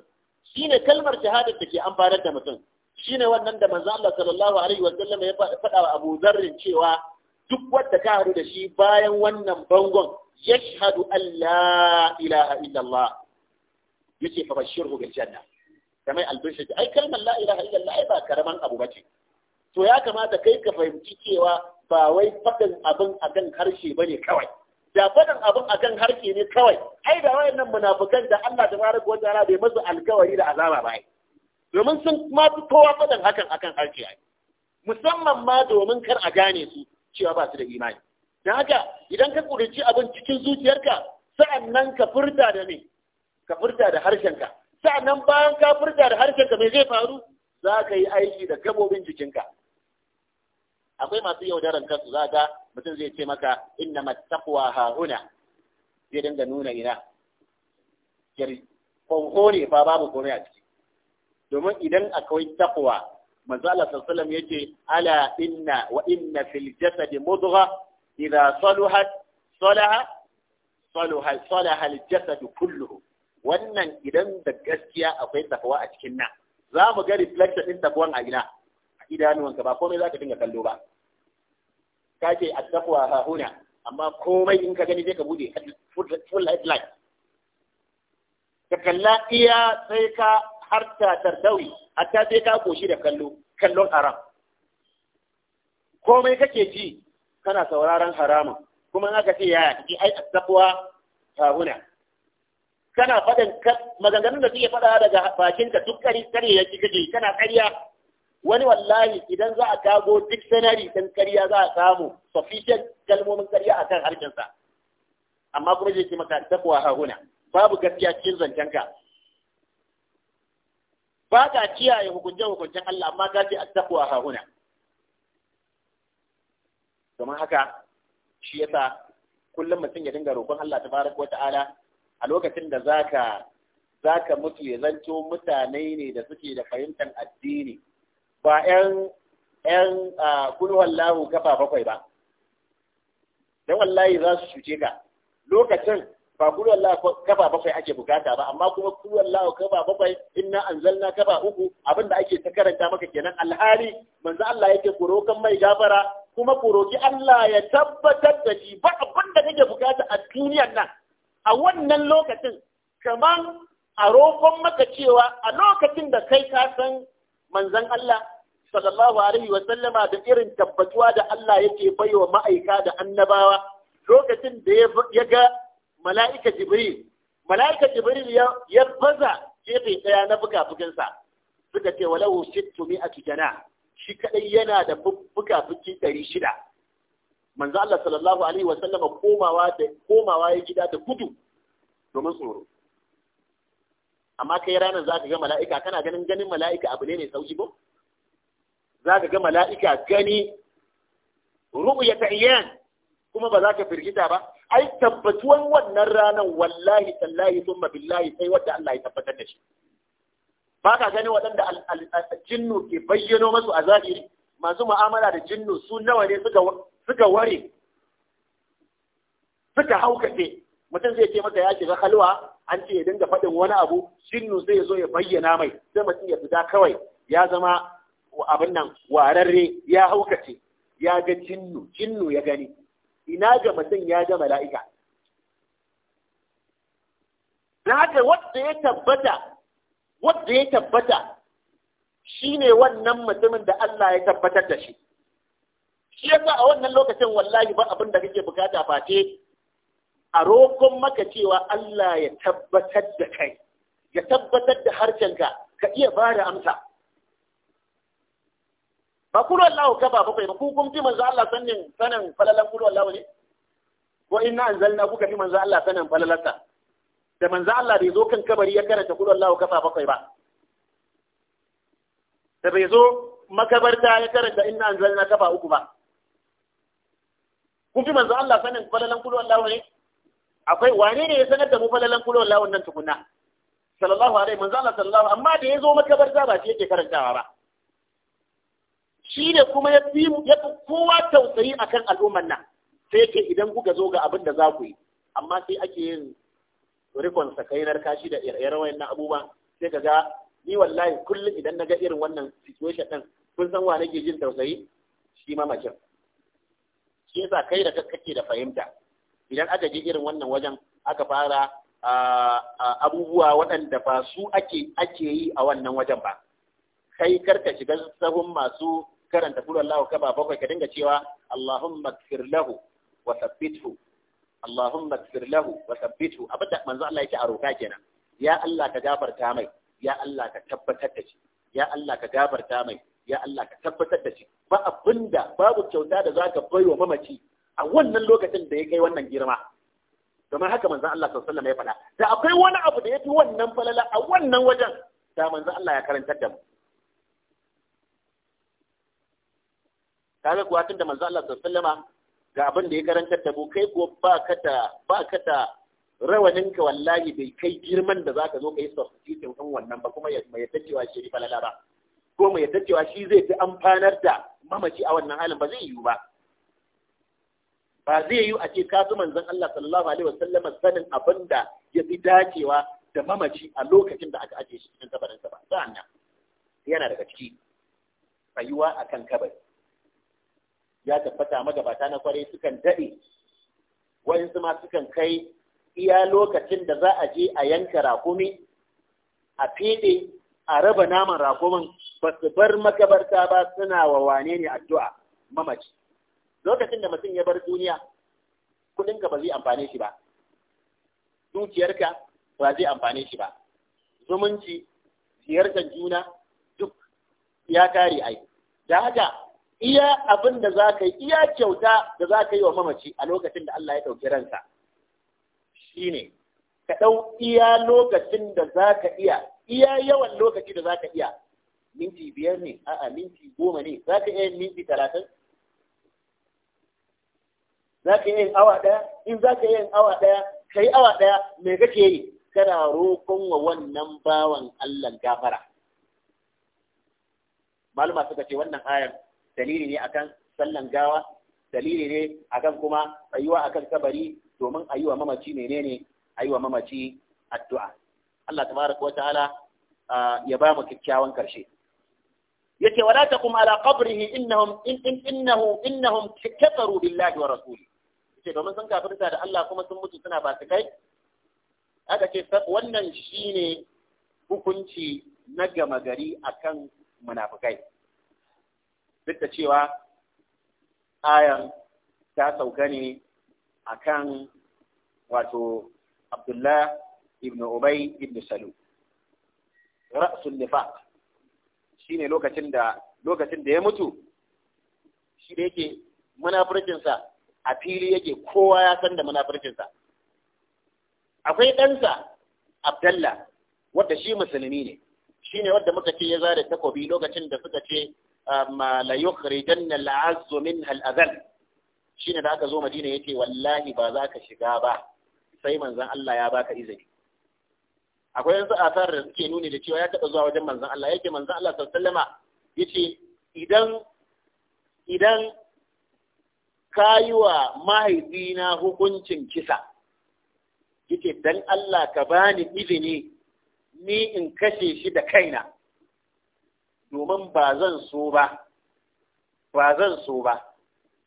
Shi ne kalmar shahadar da ke amfanar da mutum Shi ne wannan da manzo Allah sallallahu alaihi wasallam ya faɗa wa Abu Zarrin cewa duk wadda ka haru da shi bayan wannan bangon yashhadu an la ilaha illallah yace fa bashirhu bil janna kamar albishir ai kalmar la ilaha illallah ai ba karaman abu ce. to ya kamata kai ka fahimci cewa ba wai faɗin abin akan harshe ba ne kawai da faɗin abin akan harke ne kawai ai da wayannan munafukan da Allah ta fara wa ta'ala bai masu alkawari da azaba ba domin sun ma kowa faɗin hakan akan harke ai musamman ma domin kar a gane su cewa ba su da imani da haka idan ka kurici abin cikin zuciyarka sa'annan ka furta da me ka furta da harshenka sa'annan bayan ka furta da harshenka me zai faru za ka yi aiki da gabobin jikinka akwai masu yaudaran kansu za ga mutum zai ce maka inna mattaqwa hauna zai dinga nuna ina jari ne fa babu komai a ciki domin idan akwai taqwa manzo Allah sallallahu alaihi wasallam yace ala inna wa inna fil jasadi mudgha idha saluhat salaha saluha salaha al jasadu kulluhu wannan idan da gaskiya akwai taqwa a cikin nan za mu ga reflection din taqwan a ina idanuwanka ba komai za ka dinga kallo ba ka ce a attaqwa ha huna amma komai in ka gani sai ka bude full light light ka kalla iya sai ka harta tardawi hatta sai ka koshi da kallo kallon haram komai kake ji kana sauraron haramun kuma in aka ce yaya kake ai attaqwa ha huna kana faɗin maganganun da suke faɗa daga bakinka duk kari kare yake kake kana karya. wani wallahi idan za a kago sanari ɗin karya za a samu sufficient kalmomin karya a kan harshensa amma kuma zai ce maka takwa hahuna babu gaskiya cikin zancenka ba ka kiyaye hukuncen hukuncen Allah amma ka ce takwa hahuna domin haka shi yasa kullum mutum ya dinga roƙon Allah tabaraka a lokacin da zaka zaka mutu ya zanto mutane ne da suke da fahimtar addini ba ƴan ƴan kulhuwallahu kafa bakwai ba dan wallahi za su cuce ka lokacin ba kulhuwallahu kafa bakwai ake bukata ba amma kuma kulhuwallahu kafa bakwai inna anzalna kafa uku abinda ake ta karanta maka kenan alhali manzo Allah yake kurokan mai gafara kuma kuroki Allah ya tabbatar da shi ba abin da kake bukata a duniyar nan a wannan lokacin kamar a roƙon maka cewa a lokacin da kai ka san manzon Allah sallallahu alaihi wa sallama da irin tabbatuwa da Allah yake baiwa ma'aika da annabawa lokacin da ya ga mala'ika Jibril mala'ika Jibril ya baza gefe daya na bukafukinsa suka ce walau shittu mi'atu jana shi kadai yana da bukafuki 600 manzo Allah sallallahu alaihi wa sallama komawa da komawa ya gida da gudu domin tsoro amma kai ranar za ka ga mala'ika kana ganin ganin mala'ika abu ne mai sauki ko za ka ga mala'ika gani ru'ya ta iyan kuma ba za ka firgita ba ai tabbatuwan wannan ranar wallahi tallahi sun billahi sai wanda Allah ya tabbatar da shi ba ka gani waɗanda jinnu ke bayyano masu a zahiri masu ma'amala da jinnu su nawa ne suka ware suka haukace mutum zai ce maka ya shiga halwa an ce ya dinga faɗin wani abu jinnu zai zo ya bayyana mai zai mutum ya fita kawai ya zama abin nan wararre ya haukace ya ga jinnu jinnu ya gani ina ga mutum ya ga mala'ika da haka wadda ya tabbata wadda ya tabbata shine wannan mutumin da Allah ya tabbatar da shi shi yasa a wannan lokacin wallahi ba abin da kake bukata face a rokon maka cewa Allah ya tabbatar da kai ya tabbatar da harshenka ka iya ba da amsa ba kullu Allahu kafa bakwai ba ku kun fi manzo Allah sanin sanin falalan kullu Allahu ne Ko inna anzalna kuka fi manzo Allah sanin falalarsa da manzo Allah bai zo kan kabari ya karanta kullu Allahu kafa bakwai ba da bai zo makabarta ya karanta inna anzalna kafa uku ba kun fi manzo Allah sanin falalan kullu Allahu ne akwai wane ne ya sanar da mu falalan kullu Allahu nan tukunna sallallahu alaihi manzo Allah sallallahu amma da ya zo makabarta ba shi yake karantawa ba shi ne kuma ya fi kowa tausayi akan al'ummar nan sai ke idan kuka zo ga abin da za ku yi amma sai ake yin rikon sakainar kashi da ire wayan abubuwa sai ka ga ni wallahi kullum idan na ga irin wannan situation din kun san wa nake jin tausayi shi ma mace shi yasa kai da kake da fahimta idan aka je irin wannan wajen aka fara abubuwa waɗanda ba su ake ake yi a wannan wajen ba kai karka shiga sahun masu karanta kul Allahu kaba bakwai ka dinga cewa Allahumma kfir lahu wa thabbithu Allahumma kfir lahu wa thabbithu abada manzo Allah yake a roka kenan ya Allah ka gafarta mai ya Allah ka tabbatar da shi ya Allah ka gafarta mai ya Allah ka tabbatar da shi ba abinda babu kyauta da zaka baiwa mamaci a wannan lokacin da ya kai wannan girma kamar haka manzon Allah sallallahu alaihi wasallam ya faɗa da akwai wani abu da yafi wannan falala a wannan wajen da manzon Allah ya karantar da mu kaga kuwa tunda manzo Allah sallallahu ga abin da ya karantar da mu kai kuwa ba ka da ba ka da rawanin ka wallahi bai kai girman da zaka zo kai substitution din wannan ba kuma ya mai cewa shi ba ba ko mai cewa shi zai fi amfanar da mamaci a wannan halin ba zai yiwu ba ba zai yiwu a ce ka zo manzon Allah sallallahu alaihi wasallam sanin abinda da ya fi dacewa da mamaci a lokacin da aka ajiye shi cikin sa ba sa'an nan yana daga ciki rayuwa akan kabari ya tabbata magabata na kwarai sukan daɗe su ma sukan kai iya lokacin da za a je a yanka rakumi a fiɗe a raba naman rakumin ba su bar makabarta ba suna wa wane ne addu'a mamaci lokacin da mutum ya bar duniya kudinka ba zai amfane shi ba dukiyarka ba zai amfane shi ba zumunci ziyartar juna duk ya kare ai da haka iya abin da za ka yi iya kyauta da za ka yi wa mamaci a lokacin da Allah ya ɗauki ransa shi ne ka ɗau iya lokacin da za ka iya iya yawan lokaci da za ka iya minti biyar ne a'a minti goma ne za ka iya minti talatin za ka iya awa ɗaya in za ka iya awa ɗaya ka yi awa ɗaya me kake yi kana roƙon wa wannan bawan Allah gafara malama suka ce wannan ayar dalili ne akan sallan gawa dalili ne akan kuma tsayuwa akan kabari domin a yi wa mamaci menene a yi wa mamaci addu'a Allah tabaraka wa ta'ala ya ba mu kyakkyawan karshe yace wala taqum ala qabrihi innahum in innahu innahum kafaru billahi wa rasuli yace domin sun kafirta da Allah kuma sun mutu suna ba su kai aka ce wannan shine hukunci na gama gari akan munafikai duk da cewa ayan ta sauka ne kan wato Abdullah ibn Ubay ibn Salu ra'sul nifaq shine lokacin da lokacin da ya mutu shi da yake munafurcin a fili yake kowa ya san da munafurcin akwai ɗansa Abdullah wanda shi musulmi ne shi ne wanda muka ce ya zare takobi lokacin da suka ce ma la yukhrijanna al'azzu minha al'adhal shine da aka zo Madina yace wallahi ba za ka shiga ba sai manzon Allah ya baka izini akwai yanzu asar da suke nuni da cewa ya taɓa zuwa wajen manzon Allah yake manzon Allah sallama yace idan idan ka yi wa mahaifina hukuncin kisa yace dan Allah ka bani izini ni in kashe shi da kaina domin ba zan so ba ba zan so ba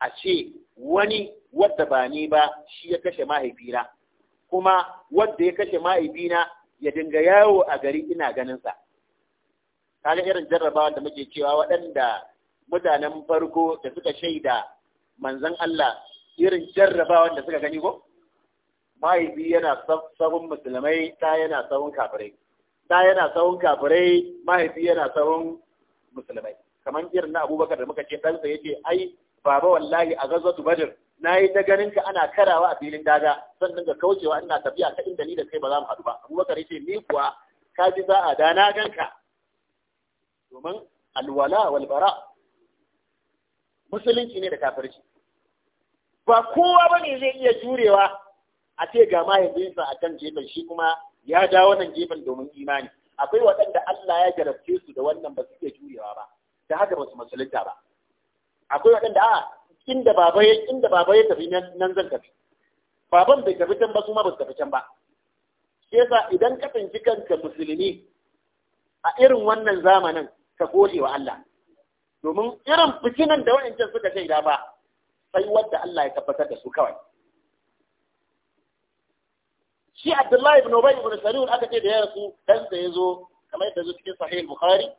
a ce wani wadda ba ni ba shi ya kashe mahaifina kuma wadda ya kashe mahaifina ya dinga yawo a gari ina ganinsa kaga irin jarrabawa da muke cewa waɗanda mutanen farko da suka shaida manzan Allah irin jarrabawa da suka gani ko mahaifi yana sabon musulmai ta yana sabon kafirai ta yana sabon kafirai mahaifi yana sabon musulmai kamar irin na abubakar da muka ce ɗansa ya ce ai baba wallahi a gazwatu badr na yi ta ganin ka ana karawa a filin daga sannan ga kaucewa ina tafiya ta inda ni da kai ba za mu haɗu ba abubakar ya ce ni kuwa ka ji za a da na gan ka. domin alwala walbara musulunci ne da kafirci ba kowa ba ne zai iya jurewa a ce ga mahaifinsa a kan gefen shi kuma ya dawo nan gefen domin imani akwai waɗanda Allah ya jarabce su da wannan ba su iya jurewa ba da haka ba su musulunta ba akwai waɗanda a inda baba inda baba tafi nan zan tafi baban bai tafi can ba su ma ba su tafi can ba shi yasa idan ka tsinci kanka musulmi a irin wannan zamanin ka gode wa Allah domin irin fitinan da wa'ancan suka shaida ba sai wadda Allah ya tabbatar da su kawai shi abdullahi ibn ubay ibn salul aka ce da ya rasu dan sa yazo kamar yadda zo cikin sahih bukhari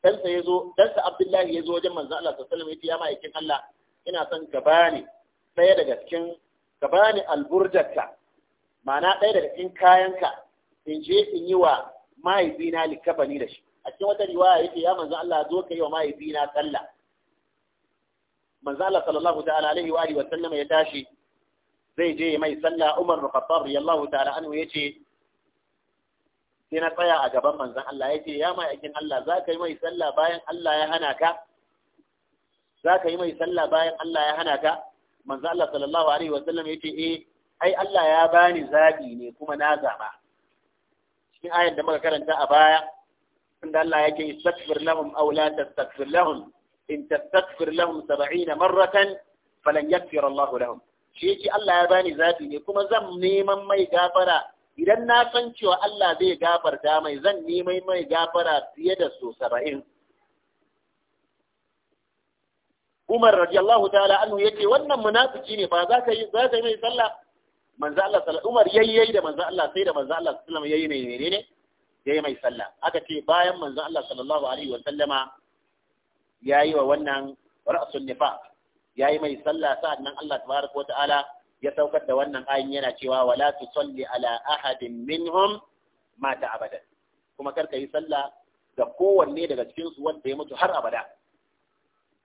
dan sa yazo dan sa abdullahi yazo wajen manzo Allah sallallahu alaihi wasallam yace ya ma'aikin Allah ina son ka bani daya daga cikin ka bani alburjarka ma'ana daya daga cikin kayanka in je in yi wa mahaifina likabani da shi a cikin wata riwaya yake ya manzo Allah zo ka yi wa mahaifina sallah manzo Allah sallallahu ta'ala alaihi wa alihi wa sallama ya tashi zai je mai sallah Umar bin Khattab radiyallahu ta'ala anhu yace sai na tsaya a gaban manzon Allah yace ya mai aikin Allah za ka yi mai sallah bayan Allah ya hana ka za ka yi mai sallah bayan Allah ya hana ka manzon Allah sallallahu alaihi wa wasallam yace eh ai Allah ya bani zabi ne kuma na zaba cikin ayar da muka karanta a baya inda Allah yake istakbir lahum aw la tastakbir lahum in tastakbir lahum 70 marratan falan yakfir Allah lahum shi yake Allah ya bani zafi ne kuma zan neman mai gafara idan na san cewa Allah zai gafarta mai zan neman mai gafara fiye da so saba'in Umar radiyallahu ta'ala anhu yake wannan munafiki ne ba za ka yi za ka yi mai sallah manzo Allah sallallahu Umar yayyai da manzo Allah sai da manzo Allah sallallahu alaihi wasallam yayi ne ne yayi mai sallah aka ce bayan manzo Allah sallallahu alaihi wasallama yayi wa wannan ra'sul nifaq Ya yi mai sallah nan Allah tabaraka wa ta'ala ya saukar da wannan ayin yana cewa wala salli ala ahadin minhum mata abada. kuma karka yi sallah ga kowanne daga cikinsu wanda ya mutu har abada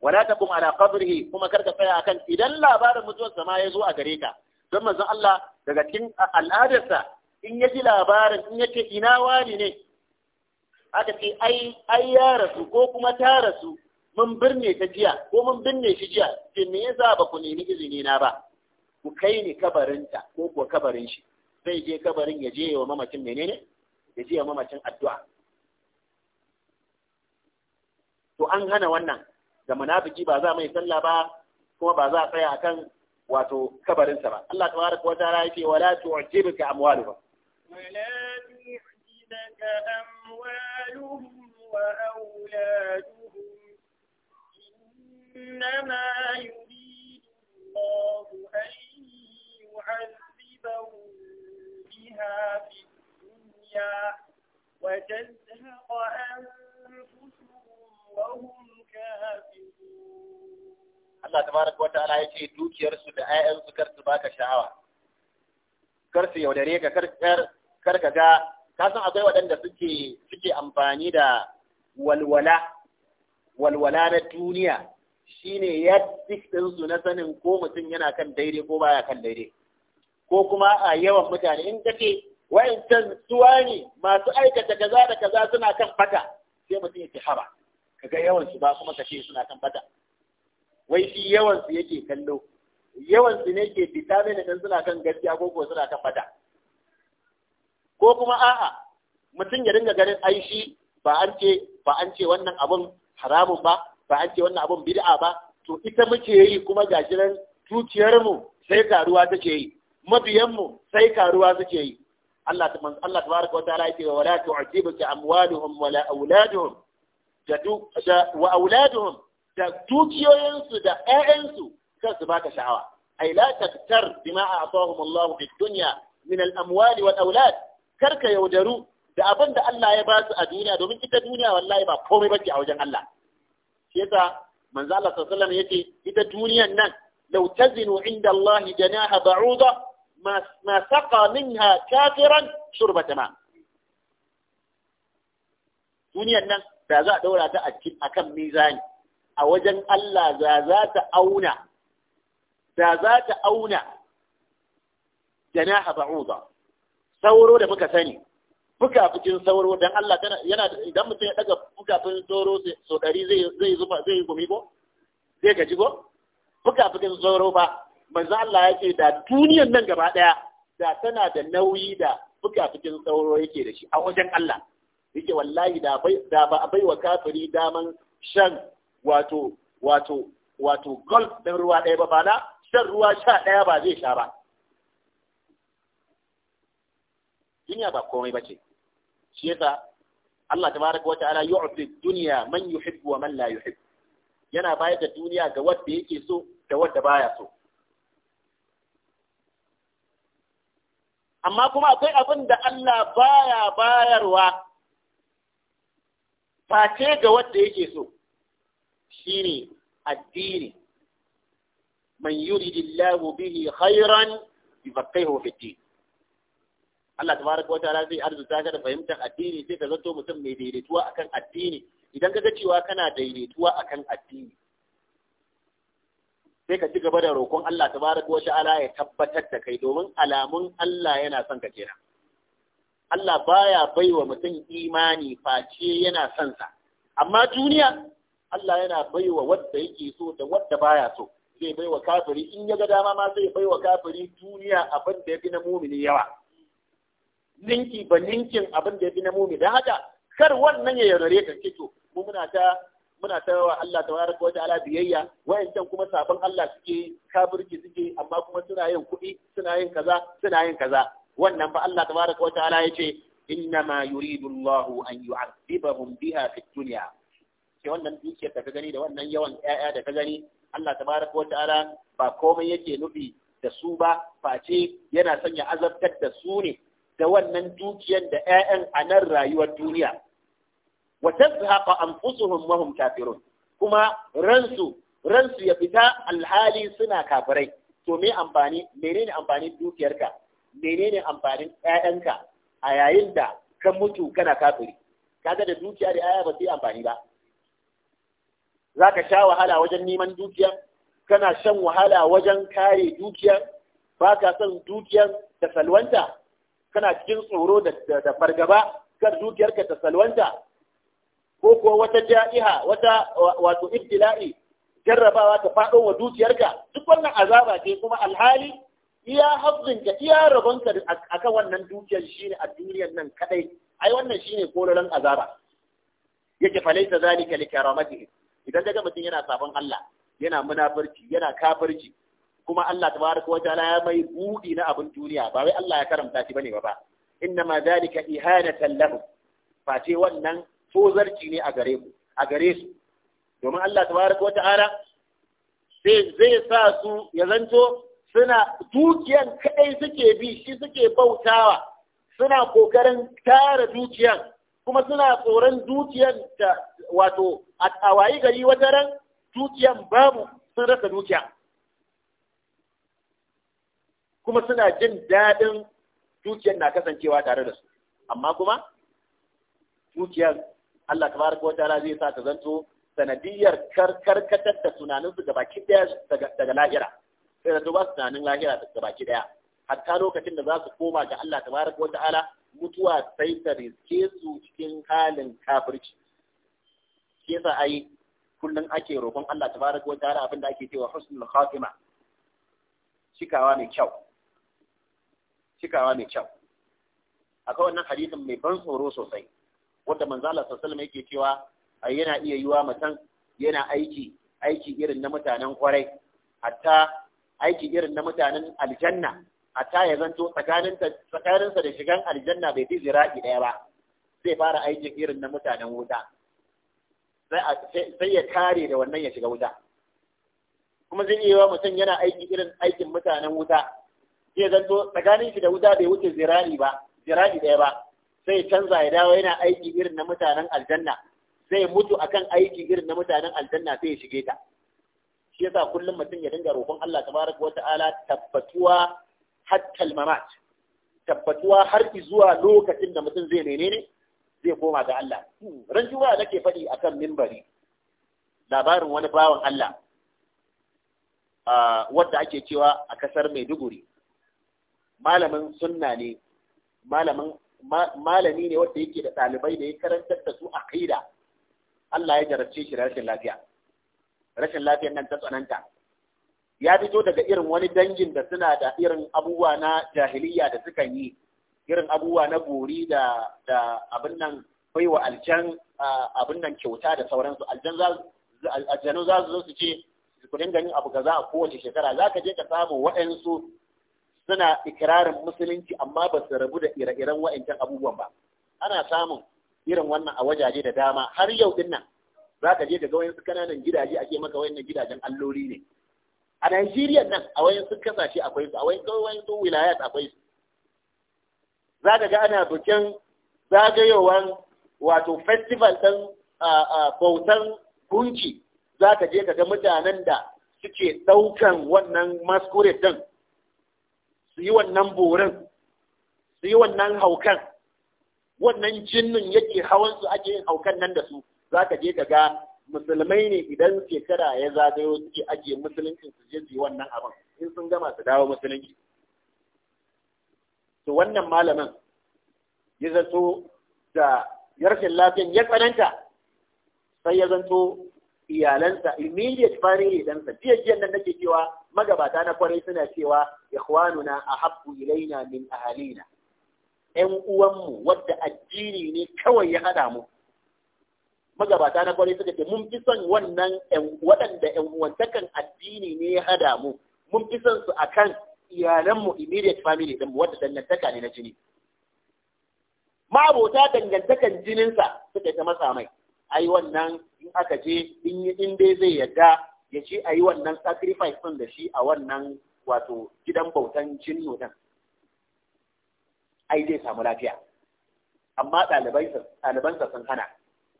wala takum ala qabrihi kuma karka tsaya akan idan labarin mutuwarsa ma ya zo a gare ka don manzon Allah daga cikin al'adarsa in ya ji labarin in ya ce ina wani ne aka ce ai ya rasu ko kuma ta rasu mun birne ta jiya ko mun binne shi jiya ce me yasa ba ku nemi izini na ba ku kai ni kabarinta ko kuwa kabarin shi zai je kabarin ya je wa mamacin menene ya je wa mamacin addu'a to an hana wannan ga munafiki ba za mai sallah ba kuma ba za a tsaya akan wato kabarinsa ba Allah tabaraka wa ta'ala yake wala tu'jibuka amwaluhum wala tu'jibuka amwaluhum wa auladuhum إنما يريد الله أن يعذبهم بها في الدنيا وتزهق أنفسهم وهم كافرون Allah tabaraka wa ta'ala ya ce dukiyarsu da ayyansu kar su baka sha'awa kar su yaudare ka kar kar ka ga ka san akwai waɗanda suke suke amfani da walwala walwala na duniya shine ya tik su na sanin ko mutum yana kan daidai ko baya kan daidai ko kuma a yawan mutane in ka ce wa'incan suwa ne masu aikata kaza da kaza suna kan fata sai mutum ya ce haba kaga yawan su ba kuma ka ce suna kan fata wai shi yawan su yake kallo yawan su ne ke determine din suna kan gaskiya ko ko suna kan fata ko kuma a'a mutum ya dinga ganin ai shi ba an ce ba an ce wannan abun haramun ba ba an ce wannan abun bid'a ba to ita muke yi kuma gashi nan zuciyarmu sai karuwa take yi mabiyanmu sai karuwa suke yi Allah Allah tabaraka wataala yake wala tu'jibuka amwaluhum wala auladuhum da wa auladuhum da dukiyoyinsu da ƴaƴansu kan su baka sha'awa ai la taktar bima a'tahum Allah fi dunya min al-amwali wal aulad karka yaudaru da abin da Allah ya ba su a duniya domin ita duniya wallahi ba komai bace a wajen Allah yasa manzo Allah sallallahu alaihi yace ita duniyan nan law tazinu inda Allah janaha ba'uda ma ma saqa minha kafiran shurbata ma duniyan nan da za a daura ta a kan mizani a wajen Allah da za ta auna da za ta auna janaha ba'uda sauro da muka sani fukafukin sauro dan Allah yana idan mutum ya daga fukafukin sauro so ɗari zai zai zuba zai gumi ko zai gaji ko fukafukin sauro ba manzo Allah ya ce da duniyar nan gaba daya da tana da nauyi da fukafukin sauro yake da shi a wajen Allah yake wallahi da bai da ba a baiwa kafiri daman shan wato wato wato golf din ruwa ɗaya ba ba na shan ruwa sha ɗaya ba zai sha ba duniya ba komai bace shi yasa Allah tabaraka wa ta'ala yu'ti dunya man yuhibbu wa man la yuhibbu yana bayar da duniya ga wanda yake so da wanda baya so amma kuma akwai abin da Allah baya bayarwa face ga wanda yake so shine addini man yuridu Allahu bihi khairan yufaqihu fi din Allah tabaraka wa ta'ala zai arzuta ka da fahimtar addini sai ka zanto mutum mai daidaituwa akan addini idan ka ga cewa kana daidaituwa akan addini sai ka ci gaba da roƙon Allah tabaraka wa ta'ala ya tabbatar da kai domin alamun Allah yana son ka kenan Allah baya baiwa mutum imani face yana son sa amma duniya Allah yana baiwa wanda yake so da wanda baya so zai baiwa kafiri in ya ga dama ma zai baiwa kafiri duniya abin da ya fi na mumini yawa ninki ba ninkin abin da ya fi na mumi don haka kar wannan ya yaudare ka ce to mu muna ta muna ta wa Allah tabaraka wa ta'ala biyayya wayancan kuma sabon Allah suke kafirci suke amma kuma suna yin kuɗi suna yin kaza suna yin kaza wannan ba Allah tabaraka wa ta'ala yace ma yuridu Allahu an yu'adhibahum biha fid dunya ke wannan dukiyar da ka gani da wannan yawan ƴaƴa da ka gani Allah tabaraka wa ta'ala ba komai yake nufi da su ba face yana sanya azabtar da su ne da wannan dukiyar da 'ya'yan a nan rayuwar duniya wa tazhaqa anfusuhum wa hum kafirun kuma ransu ransu ya fita alhali suna kafirai to me amfani menene amfanin dukiyarka menene amfanin 'ya'yanka a yayin da ka mutu kana kafiri kaga da dukiya da 'ya'ya ba su yi amfani ba zaka sha wahala wajen neman dukiya kana shan wahala wajen kare dukiya ba ka son dukiyar da salwanta kana cikin tsoro da fargaba kar dukiyarka ta salwanta ko ko wata ja'iha wata wato ibtila'i jarrabawa ta faɗo wa dukiyarka duk wannan azaba ke kuma alhali iya ka iya ka akan wannan dukiyar shine a duniyar nan kadai ai wannan shine kololan azaba yake falaita zalika likaramatihi idan daga mutum yana sabon Allah yana munafurci yana kafirci kuma Allah tabaraka wa ta'ala ya mai budi na abin duniya ba wai Allah ya karamta shi bane ba ba inna ma zalika ihanatan lahum face wannan tozarci ne a gare ku a gare su domin Allah tabaraka wa ta'ala sai zai sa su ya zanto suna dukiyan kadai suke bi shi suke bautawa suna kokarin tara dukiyan kuma suna tsoron dukiyan ta wato a wayi gari wata ran dukiyan babu sun rasa dukiya kuma suna jin daɗin dukiyar na kasancewa tare da su amma kuma dukiyar Allah Wata Ala zai sa ta zanto sanadiyar karkatar da su ga baki daya daga lahira sai da ba su tunanin lahira daga gabaki daya hatta lokacin da za su koma ga Allah Wata Ala, mutuwa sai ta riske su cikin halin kafirci shi ai kullum ake roƙon Allah tabaraka wataala abin da ake cewa husnul khatima cikawa mai kyau cikawa mai kyau akwai wannan hadisin mai ban tsoro sosai wanda manzo Allah sallallahu alaihi yake cewa yana iya yiwa mutan yana aiki aiki irin na mutanen kwarai hatta aiki irin na mutanen aljanna hatta ya zanto tsakaninsa da shigan aljanna bai fi zira'i ɗaya ba zai fara aiki irin na mutanen wuta sai ya kare da wannan ya shiga wuta kuma zai iya wa mutan yana aiki irin aikin mutanen wuta zai zanto tsakanin shi da wuta bai wuce zirani ba zirani ɗaya ba sai canza ya dawo yana aiki irin na mutanen aljanna zai mutu akan aiki irin na mutanen aljanna sai ya shige ta shi yasa kullum mutum ya dinga roƙon Allah tabaraka wa ta'ala tabbatuwa hatta mamat tabbatuwa har zuwa lokacin da mutum zai menene zai koma ga Allah ran juma'a nake faɗi akan mimbari labarin wani bawan Allah ah, wadda ake cewa a kasar Maiduguri malamin sunna ne malamin malami ne wanda yake da ɗalibai da ya karantar da su aqida Allah ya jarabce shi rashin lafiya rashin lafiyar nan ta tsananta ya fito daga irin wani dangin da suna da irin abubuwa na jahiliya da sukan yi irin abubuwa na gori da da abin nan baiwa aljan abin nan kyauta da sauransu aljan za aljanu za su zo su ce ku dinga yin abu kaza a kowace shekara za ka je ka samu waɗansu suna ikirarin musulunci amma ba su rabu da ire-iren wa'ancan abubuwan ba ana samun irin wannan a wajaje da dama har yau din nan za ka je daga wayansu kananan gidaje ake maka wayannan gidajen alloli ne a Najeriya nan a wayansu kasashe akwai su a wayansu wilayat akwai su za ka ga ana bikin zagayowar wato festival ɗin bautan gunki za ka je ka ga mutanen da suke ɗaukan wannan masquerade ɗin su yi wannan borin su yi wannan haukan wannan jinnin yake hawan su ake yin haukan nan da su za ka je ka ga musulmai ne idan shekara ya zagayo suke ajiye musuluncin su je su yi wannan abin in sun gama su dawo musulunci to wannan malamin ya zato da yarshen lafiyan ya tsananta sai ya zanto iyalansa immediate family ɗansa jiya jiyan nan nake cewa magabata na kwarai suna cewa ikhwanuna ahabbu ilaina min ahalina ƴan uwanmu wadda addini ne kawai ya hada mu magabata na kwarai suka ce mun fi son wannan waɗanda ɗan uwantakan addini ne ya hada mu mun fi son su akan iyalanmu immediate family din mu wadda dangantaka ne na jini ma'abota dangantakan jininsa suka ta masa mai ai wannan in aka je in dai zai yadda ya ce a yi wannan sacrifice ɗin da shi a wannan wato gidan bautan cinno ɗin ai zai samu lafiya amma ɗalibansa sun hana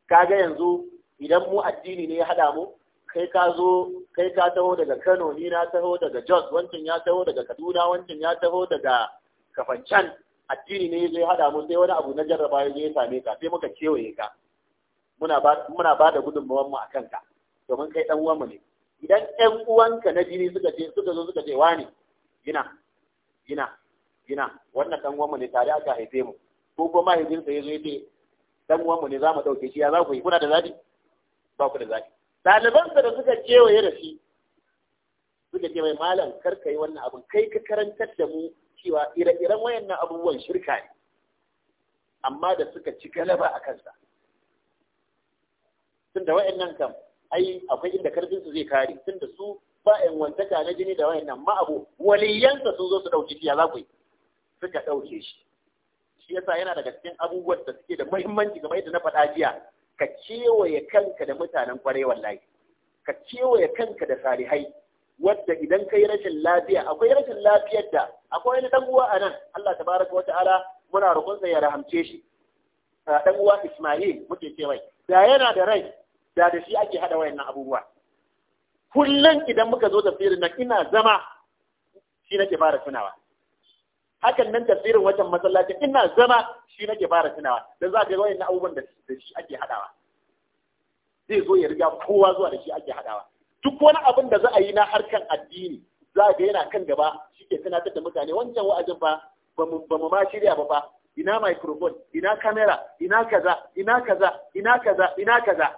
kaga yanzu idan mu addini ne ya haɗa mu kai ka zo kai ka taho daga Kano ni na taho daga Jos wancan ya taho daga Kaduna wancan ya taho daga Kafancan addini ne zai haɗa mu sai wani abu na jarraba ya ya same ka sai muka kewaye ka muna ba da gudunmawar mu a kanka domin kai ɗan uwan ne idan ɗan uwanka na jini suka ce suka zo suka ce wani gina gina gina wannan ɗan uwanmu ne tare aka haife mu ko kuma mahaifinsa ya zo ya ce ɗan uwanmu ne za mu ɗauke shi ya za ku yi kuna da zaɓi ba ku da zaɓi ɗalibansa da suka kewaye da shi suka ce mai malam kar ka yi wannan abin kai ka karantar da mu cewa ire-iren wayannan abubuwan shirka ne amma da suka ci galaba a kansa tunda wayannan kam ai akwai inda karfin su zai kare da su ba ƴan wantaka na jini da wayannan ma abu waliyansa sun zo su dauke shi ya za suka dauke shi shi yasa yana daga cikin abubuwan da suke da muhimmanci kamar yadda na faɗa jiya ka kewaye kanka da mutanen kwarai wallahi ka kewaye kanka da salihai wadda idan ka yi rashin lafiya akwai rashin lafiyar da akwai wani uwa a nan Allah tabaraka wa ta'ala muna roƙonsa ya rahamce shi dan uwa Ismail muke ce mai da yana da rai da da shi ake hada wayannan abubuwa kullum idan muka zo tafsirin nan ina zama shi nake fara tunawa hakan nan tafsirin wajen masallacin ina zama shi nake fara tunawa da za ga wayannan abubuwan da shi ake hadawa zai zo ya riga kowa zuwa da shi ake hadawa duk wani abin da za a yi na harkan addini za ga yana kan gaba shi ke tunatar da mutane wancan wa'azin fa ba mu ma shirya ba fa ina microphone ina kamera ina kaza ina kaza ina kaza ina kaza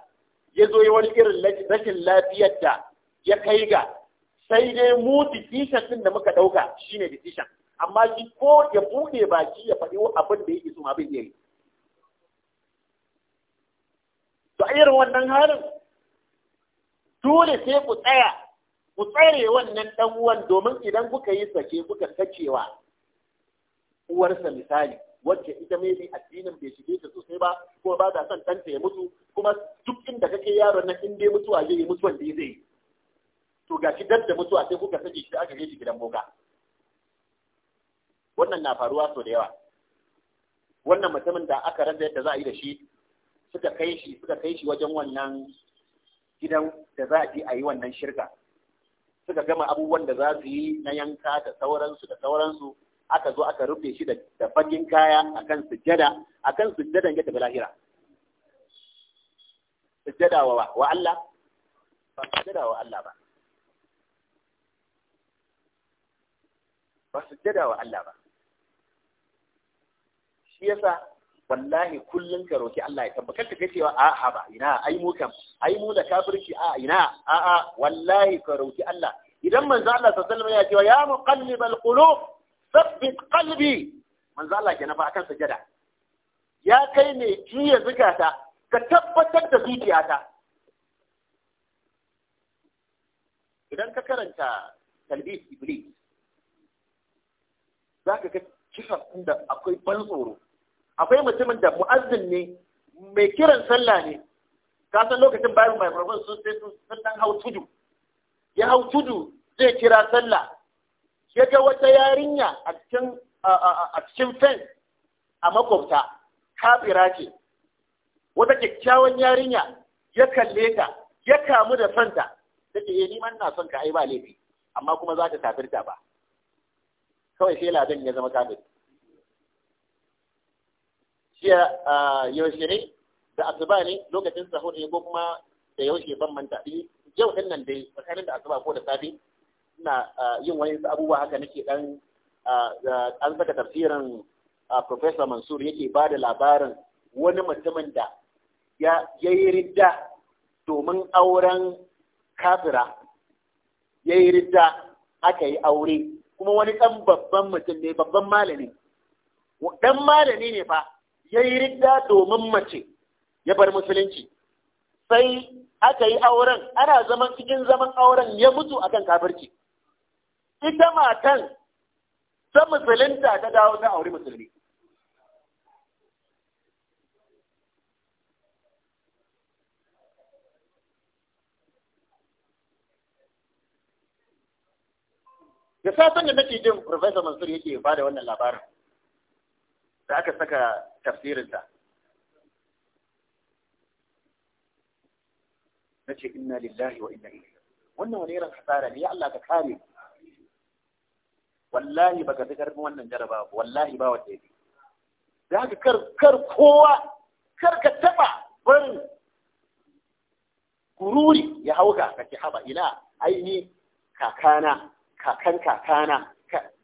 ya zo yi wani irin rashin lafiyar da ya kai ga sai dai mu decision din da muka ɗauka shine decision amma shi ko ya buɗe baki ya faɗi abin da yake so ma bai yi to a irin wannan halin? dole sai ku tsaya ku tsare wannan ɗan uwan domin idan kuka yi sake kuka sakewa uwarsa misali wacce ita mai bi addinin bai shige ta sosai ba kuma ba ta son ɗanta ya mutu kuma duk inda kake yaron nan in dai mutuwa zai yi mutuwan da zai yi to ga shi da mutuwa sai kuka sake shi aka gidan boka wannan na faruwa sau da yawa wannan mutumin da aka rasa yadda za a yi da shi suka kai shi suka kai shi wajen wannan gidan da za a je a yi wannan shirka suka gama abubuwan da za su yi na yanka da sauransu da sauransu aka zo aka rufe shi da fakin kaya akan sujjada akan sujjadan ya tafi lahira sujjada wa wa Allah ba sujjada wa Allah ba ba sujjada wa Allah ba shi yasa wallahi kullun ka roki Allah ya tabbatar da cewa a a ba ina ai mu kam ai mu da kafirci a ina a a wallahi ka roki Allah idan manzo Allah sallallahu alaihi wasallam ya ce ya muqallibal qulub sabbin kalbi manzo Allah kenan fa akan ya kai ne juya zukata ka tabbatar da zuciyata idan ka karanta talbis iblis za ka ga kisan inda akwai ban tsoro akwai mutumin da mu'azzin ne mai kiran sallah ne ka san lokacin bayan microphone sun sai sun hau tudu ya hau tudu zai kira sallah ya ga wata yarinya a cikin a fen a makwabta kafira ce wata kyakkyawan yarinya ya kalle ta ya kamu da santa da ke eh, ni man na son ka ai ba laifi amma kuma za ta tafirta ba kawai sai ladan ya zama kafir a yaushe ne da asuba ne lokacin sahur ne ko kuma da yaushe ban manta yau din nan dai tsakanin da asuba ko da safe ina ah, yin wani abubuwa haka nake dan ah, an saka tafsirin ah, Professor Mansur yake ba da labarin wani mutumin da ya yi ridda domin auren kafira ya yi ridda aka yi aure kuma wani ɗan babban mutum ne babban malami ɗan malami ne fa ya yi ridda domin mace ya bar musulunci sai aka yi auren ana zaman cikin zaman auren ya mutu akan kafirci ita matan ta musulunta ta dawo na auri musulmi da safin da nake jin Profesor Mansur yake ba da wannan labarin da aka saka tafsirinsa. Na ce inna lillahi wa inna ilaihi wannan wani irin hasara ne ya Allah ka kare wallahi baka fi karfin wannan jaraba wallahi ba wanda yake da haka kar kar kowa kar ka taba barin gururi ya hauka ka ki haba ina aini kakana kakan kakana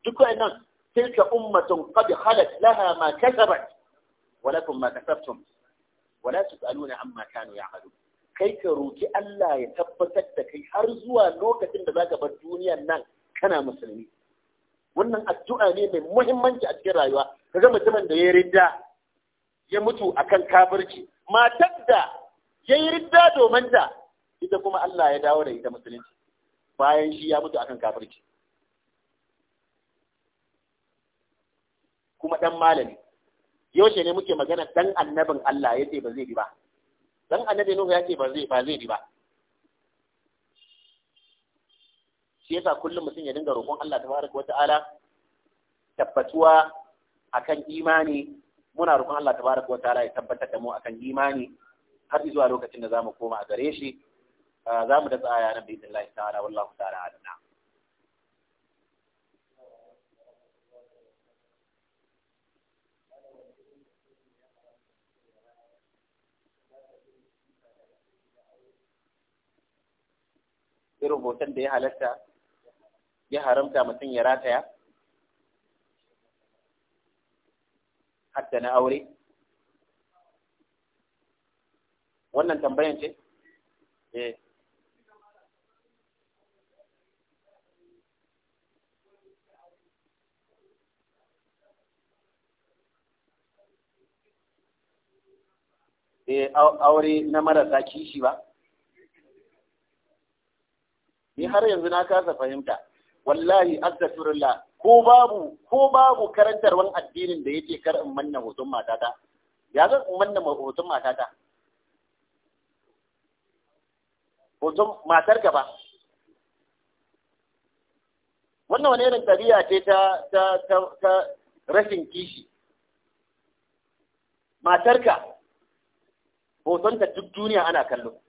duk wannan تلك أمة قد خلت لها ما كسبت ولكم ما كسبتم ولا تسألون عما كانوا يعملون kai ka roki Allah ya tabbatar da kai har zuwa lokacin da zaka bar duniyar nan kana musulmi wannan addu'a ne mai muhimmanci a cikin rayuwa Ka ga mutumin da ya ridda ya mutu akan kafirci matar da ya yi ridda domin da, ita kuma Allah ya dawo da ita musulunci bayan shi ya mutu akan kafirci kuma dan malami yaushe ne muke magana dan annabin Allah ya ce ba zai bi ba dan annabi Nuhu ya ba zai ba zai bi ba shi yasa kullum mutum ya dinga roƙon Allah tabaraka wata'ala tabbatuwa akan imani muna roƙon Allah tabaraka wata'ala ya tabbatar da mu akan imani har zuwa lokacin da zamu koma a gare shi zamu da tsaya nan bi Allah ta'ala wallahu ta'ala alim irin hoton da ya halatta ya haramta mutum ya rataya hatta na aure wannan tambayan ce e aure na marasa kishi ba? Ni har yanzu na kasa fahimta. wallahi astaghfirullah ko babu ko babu karantarwan addinin da yake kar in manna hoton matata ya zan in manna hoton matata hoton matar gaba wannan wani irin tabiya ce ta ta ta rashin kishi matarka hotonta duk duniya ana kallo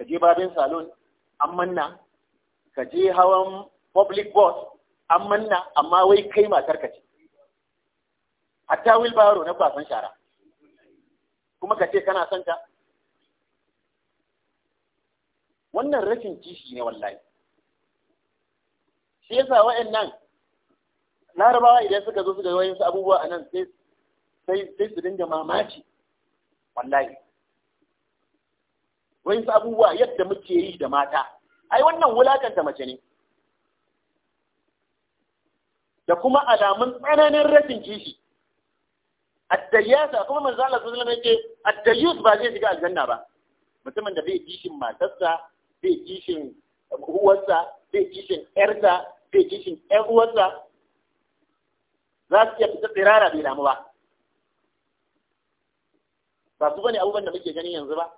ka je babin salon an manna ka je hawan public bus an manna amma wai kai matar ka ce hatta wilbaro na kwasan shara kuma ka ce kana santa wannan rashin kishi ne wallahi shi yasa wa'annan larabawa idan suka zo suka yi abubuwa a nan sai su dinga mamaci wallahi wayansu abubuwa yadda muke yi da mata ai wannan ta mace ne da kuma alamun tsananin rashin kishi addayyasa kuma manzo Allah sallallahu alaihi wasallam yake addayyus ba zai shiga aljanna ba mutumin da bai kishin matarsa bai kishin uwarsa bai kishin ƴarsa bai kishin ƴar uwarsa za su iya fita tsirara bai damu ba ba su bane abubuwan da muke gani yanzu ba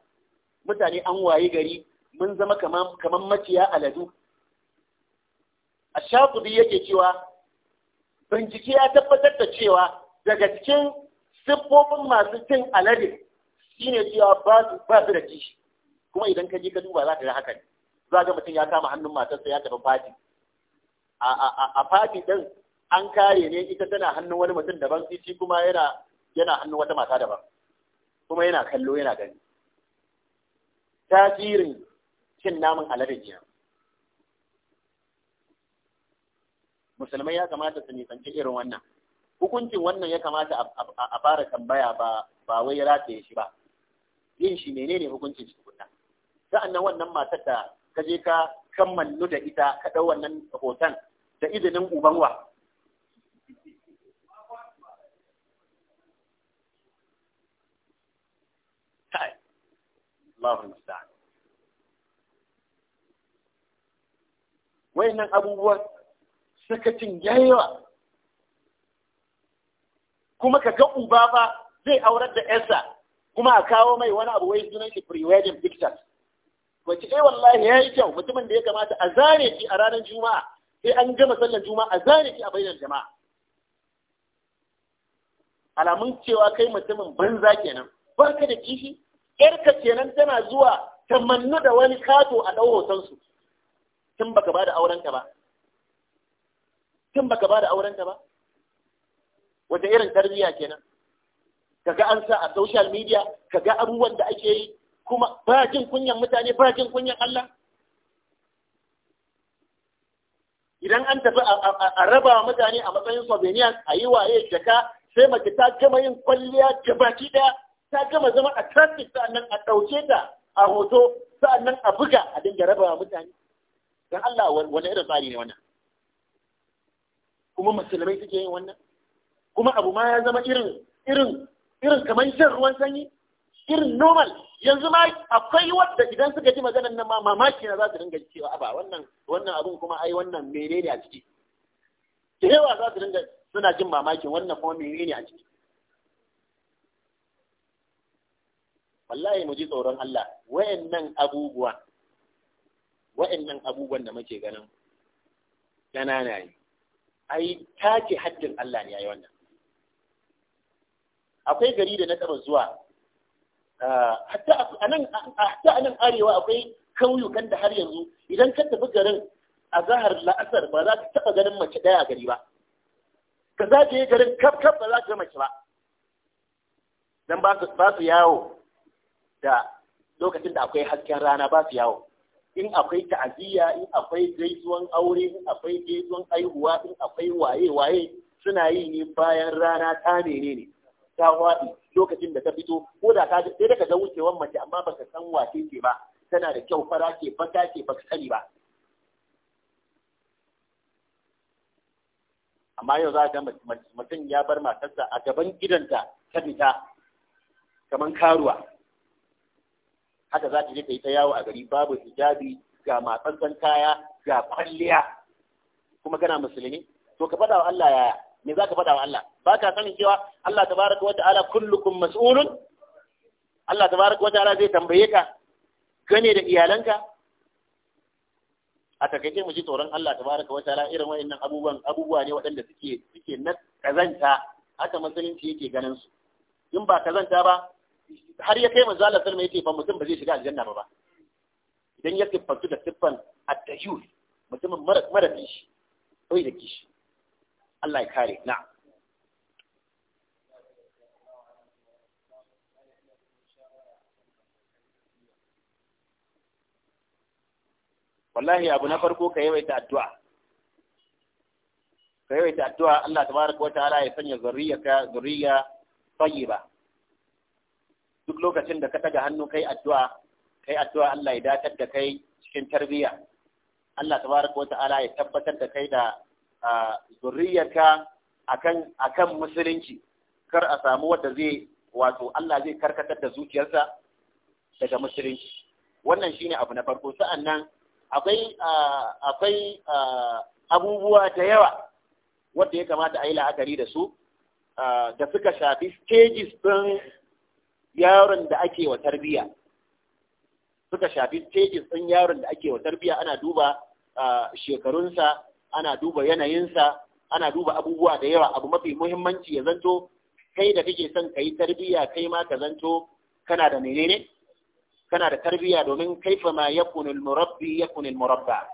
mutane an waye gari mun zama kamar maciya aladu a shafuɗi yake cewa bincike ya tabbatar da cewa daga cikin siffofin masu cin alade shine cewa ba su da kishi kuma idan ka je ka duba za ka yi haka ne za ga mutum ya kama hannun matarsa ya tafi fati a fati ɗin an kare ne ita tana hannun wani mutum daban shi kuma yana yana hannun wata mata daban kuma yana kallo yana gani tasirin cin naman alade jiya musulmai ya kamata su nisanci irin wannan hukuncin wannan ya kamata a fara tambaya ba ba wai rataye shi ba yin shi menene hukuncin shi tukunna nan wannan matar da ka je ka kammalu da ita ka wannan hoton da izinin ubanwa Allahu musta'an wayannan abubuwan sakacin yayewa kuma ka ga uba ba zai aurar da yarsa kuma a kawo mai wani abu wai sunan shi pre-wedding pictures wace eh wallahi yayi kyau mutumin da ya kamata a zare shi a ranar juma'a sai an gama sallar juma'a a zare shi a bainar jama'a alamun cewa kai mutumin banza kenan barka da kishi yarka kenan tana zuwa tamannu da wani kato a ɗau hotonsu tun baka bada aurenka ba tun baka bada aurenka ba wata irin tarbiyya kenan kaga an sa a social media kaga abubuwan da ake yi kuma ba jin kunyan mutane ba jin kunyan Allah idan an tafi a raba mutane a matsayin souvenirs a yi waye jaka sai mace ta gama yin kwalliya gabaki da ta gama zama a traffic sa'annan a ɗauke ta a hoto sa'annan a buga a dinga raba mutane dan Allah wani irin tsari ne wannan kuma musulmai suke yin wannan kuma abu ma ya zama irin irin irin kamar shan ruwan sanyi irin normal yanzu ma akwai wadda idan suka ji maganar nan ma mamaki na za su dinga cewa aba wannan wannan abun kuma ai wannan menene a ciki da yawa za su dinga suna jin mamakin wannan kuma menene a ciki wallahi mu ji tsoron Allah wayannan abubuwa wa'annan abubuwan da muke ganin ƙanana ne ai take haddin Allah ne yayi wannan akwai gari da na taba zuwa ah, hatta a nan arewa akwai kauyukan da har yanzu idan ka tafi garin a zahar la'asar ba za ka taɓa ganin mace daya gari ba ka za yi garin kaf kaf ba za ka mace ba dan ba su yawo da lokacin da akwai hasken rana ba su yawo in akwai ta'aziyya in akwai gaisuwan aure in akwai gaisuwan aihuwa in akwai waye waye suna yi ne bayan rana ta menene ne ta waɗi lokacin da ta fito ko da ka sai daga wucewan mace amma baka san wace ce ba tana da kyau fara ce baka ce baka sani ba amma yau za ga mutum ya bar matarsa a gaban gidanta ta fita kamar karuwa haka za ta je ta yi ta yawo a gari babu hijabi ga matsantsan kaya ga kwalliya kuma kana musulmi to ka faɗa wa Allah yaya me za ka faɗa wa Allah ba ka sanin cewa Allah tabaraka wa ta'ala kullukum mas'ulun Allah tabaraka wa ta'ala zai tambaye ka gane da iyalanka a takaice mu ji tsoron Allah tabaraka wa ta'ala irin wayannan abubuwan abubuwa ne waɗanda suke suke na kazanta haka musulunci yake ganin su in ba kazanta ba har ya kai manzo Allah sallama yace fa mutum ba zai shiga aljanna ba ba idan ya siffantu da siffan at-tayyur mutumin mara mara shi, kai da kishi Allah ya kare na wallahi abu na farko ka yi waita addu'a ka yi waita addu'a Allah tabaraka wa ta'ala ya sanya zurriyarka zuriya tayyiba duk lokacin da ka daga hannu kai addu'a kai addu'a Allah ya datar da kai cikin tarbiyya Allah tabaraka wata'ala ya tabbatar da kai da zuriyarka akan akan musulunci kar a samu wanda zai wato Allah zai karkatar da zuciyarsa daga musulunci wannan shine abu na farko sa'annan akwai akwai abubuwa da yawa wanda ya kamata a yi la'akari da su da suka shafi stages ɗin yaron da ake wa tarbiya suka shafi stages ɗin yaron da ake wa tarbiya ana duba shekarunsa ana duba yanayinsa ana duba abubuwa da yawa abu mafi muhimmanci ya zanto kai da kake son ka yi tarbiya kai ma ka zanto kana da menene kana da tarbiya domin kaifa ma yakunul murabbi yakunul murabba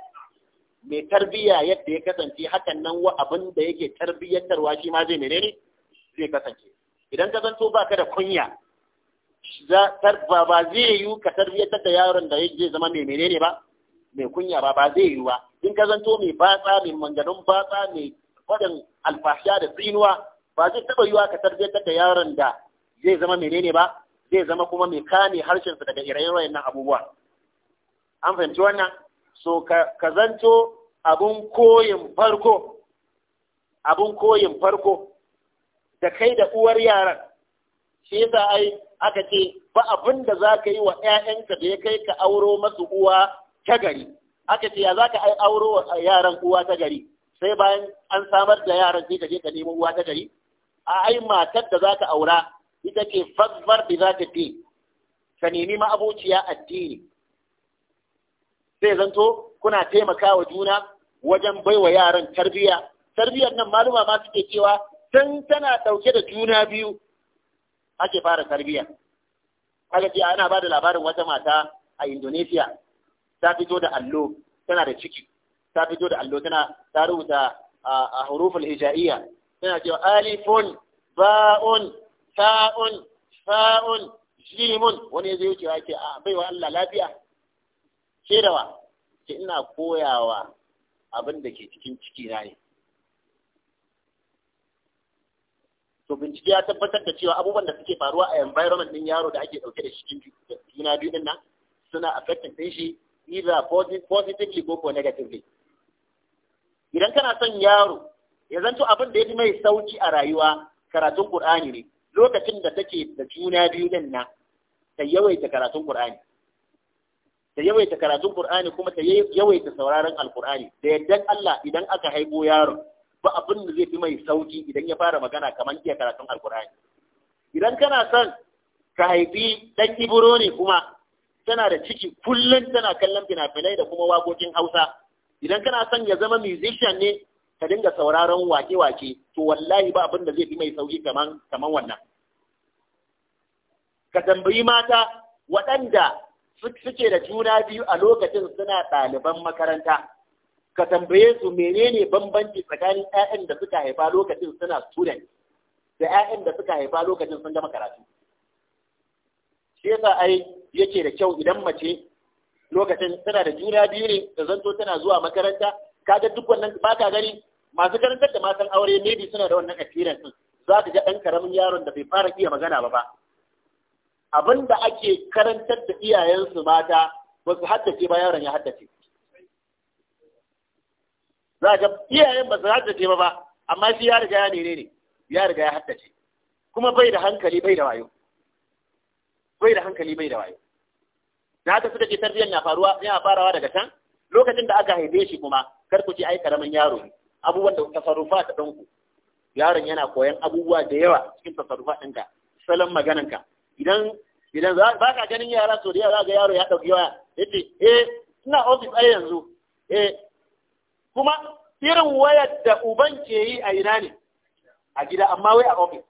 mai tarbiya yadda ya kasance hakan nan wa abin da yake tarbiyyantarwa shi ma zai menene zai kasance idan ka zanto baka da kunya ba ba zai yiwu ka tarbiyyar da yaron da zai zama mai menene ba mai kunya ba ba zai yiwu ba in ka zanto mai batsa mai manganun batsa mai faɗin alfashiya da tsinuwa ba zai taɓa yiwa ka tarbiyyar da yaron da zai zama menene ba zai zama kuma mai kame harshensa daga ire-iren abubuwa an fahimci wannan so ka zanto abun koyin farko abun koyin farko da kai da uwar yaran shi yasa ai aka ce ba abin da za ka yi wa 'ya'yanka da ya kai ka auro masu uwa ta gari aka ce ya za ka ai auro wa yaran uwa ta gari sai bayan an samar da yaran sai ka je ka nemo uwa ta gari a ai matar da za ka aura ita ce fasfar da za ta fi ka nemi ma'abociya addini sai zanto kuna taimakawa juna wajen baiwa yaran tarbiyya tarbiyyar nan maluma ma suke cewa tun tana ɗauke da juna biyu ake fara tarbiyya kaga ji ana ba da labarin wata mata a Indonesia ta fito da allo tana da ciki ta fito da allo tana ta rubuta a huruful hijaiya tana cewa alifun ba'un ta'un fa'un jimun wani ya zai ce a baiwa Allah lafiya shedawa ce ina koyawa abin da ke cikin ciki na ne to bincike ya tabbatar da cewa abubuwan da suke faruwa a environment din yaro da ake dauke da shi juna biyu din nan suna affecting din shi either positively ko ko negatively idan kana son yaro ya zanto abin da ya fi mai sauki a rayuwa karatun Qur'ani ne lokacin da take da juna biyu din nan ta yawaita karatun Qur'ani ta yawaita karatun Qur'ani kuma ta yawaita sauraron al da yaddan Allah idan aka haibo yaro ba abin da zai fi mai sauki idan ya fara magana kamar iya karatun alkur'ani idan kana son ka haifi ɗan Ibro ne kuma tana da ciki kullum tana kallon finafinai da kuma waƙoƙin hausa idan kana son ya zama musician ne ka dinga sauraron wake-wake to wallahi ba abin da zai fi mai sauki kamar kaman wannan ka tambayi mata waɗanda suke da juna biyu a lokacin suna ɗaliban makaranta ka tambaye su menene bambanci tsakanin ƴaƴan da suka haifa lokacin suna student da ƴaƴan da suka haifa lokacin sun gama karatu shi yasa ai yake da kyau idan mace lokacin tana da juna biyu ne da zanto tana zuwa makaranta kaga duk wannan ba ka gani masu karantar da matan aure maybe suna da wannan experience za ka ga ɗan karamin yaron da bai fara iya magana ba ba abin da ake karantar da iyayensu mata ba su haddace ba yaron ya haddace za ga iyayen ba su haddace ba ba amma shi ya riga ya nene ne ya riga ya haddace kuma bai da hankali bai da wayo bai da hankali bai da wayo da haka suka ce tarbiyyar na faruwa yana farawa daga can lokacin da aka haife shi kuma kar ku ce ai karamin yaro ne abubuwan da tasarrufa ta danku yaron yana koyan abubuwa da yawa cikin tasarrufa ɗinka salon magananka idan idan ba ka ganin yara so da yawa ga yaro ya ɗauki waya, ya ce eh ina ofis ai yanzu eh kuma irin wayar da uban ke yi a ina ne a gida amma wai a ofis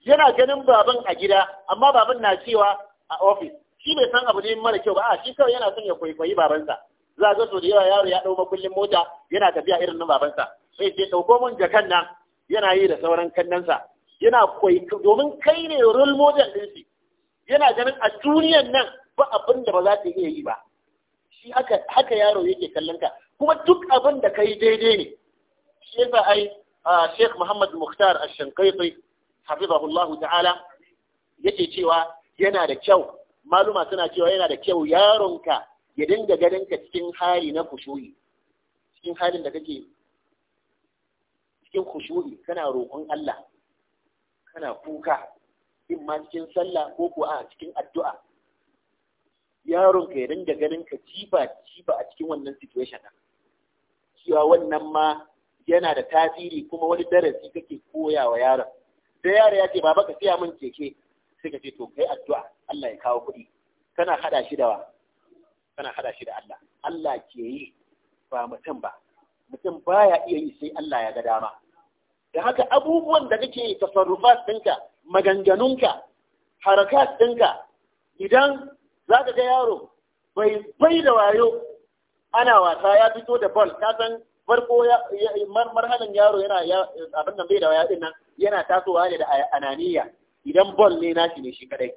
yana ganin baban a gida amma baban na cewa a ofis shi bai san abu ne mara kyau ba a shi kawai yana son ya kwaikwayi babansa za ga sau da yawa yaro ya ɗau makullin mota yana tafiya irin na babansa sai ce ɗauko mun jakan nan yana yi da sauran kannansa yana kwai domin kai ne role model ɗin shi yana ganin a duniyan nan ba abin da ba za ta iya yi ba shi haka haka yaro yake kallon ka kuma duk abin da kai daidai ne shi yasa ai Sheikh Muhammad Mukhtar Ash-Shanqaiti hafizahullahu ta'ala yake cewa yana da kyau maluma suna cewa yana da kyau yaronka ya dinga ganin ka cikin hali na kushuyi cikin halin da kake cikin kushuyi kana roƙon Allah kana kuka in ma cikin sallah ko ko a cikin addu'a yaron ka ya dinga ganin ka cifa cifa a cikin wannan situation din cewa wannan ma yana da tasiri kuma wani darasi kake koya wa yaron sai yaro ya ce baba ka siya min keke sai ka ce to kai addu'a Allah ya kawo kuɗi kana hada shi da wa kana hada shi da Allah Allah ke yi ba mutum ba mutum baya iya yi sai Allah ya ga dama da haka abubuwan da kake tafarrufa ɗinka maganganunka harakat ɗinka idan za ka ga yaro bai bai da wayo ana wasa ya fito da ball ka san farko marhalan yaro yana abin nan bai da waya din nan yana tasowa ne da ananiya idan ball ne nashi ne shi kadai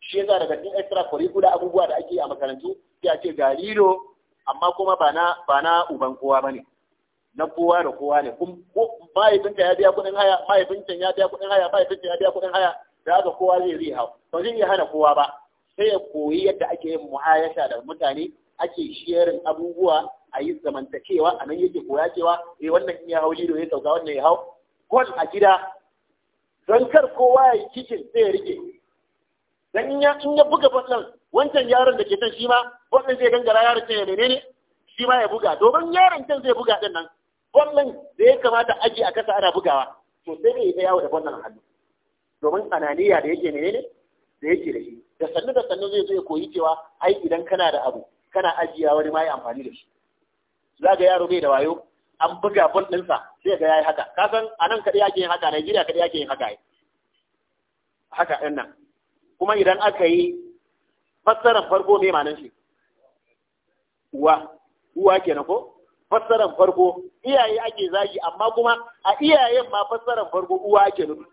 shi yasa daga cikin extra curricular abubuwa da ake a makarantu sai a ce gariro amma kuma ba na ba na uban kowa bane na kowa da kowa ne kun ko mahaifinka ya biya kuɗin haya mahaifinka ya biya kuɗin haya mahaifinka ya biya kuɗin haya da haka kowa zai riha ba zai iya hana kowa ba sai ya koyi yadda ake yin muhayasha da mutane ake shiyarin abubuwa a yi zamantakewa a nan yake koya cewa eh wannan in ya hau lido ya sauka wannan ya hau gol a gida don kar kowa ya yi kicin sai ya rike dan in ya in ya buga wannan wancan yaron da ke can shi ma wannan zai gangara yaron can ya menene shi ma ya buga domin yaron can zai buga din nan wannan da ya kamata aji a kasa ana bugawa to sai ne ya yawo da wannan hannu domin ananiya da yake menene da yake da shi da sannu da sannu zai zo ya koyi cewa ai idan kana da abu kana ajiya wani ma ya amfani da shi za ga yaro bai da wayo an buga bol ɗinsa sai ga yayi haka ka san a nan kaɗai ake yin haka Najeriya kaɗai yake yin haka haka ɗin nan kuma idan aka yi fassarar farko mai manan shi uwa uwa kenan ko fassarar farko iyaye ake zagi amma kuma a iyayen ma fassarar farko uwa ake nufi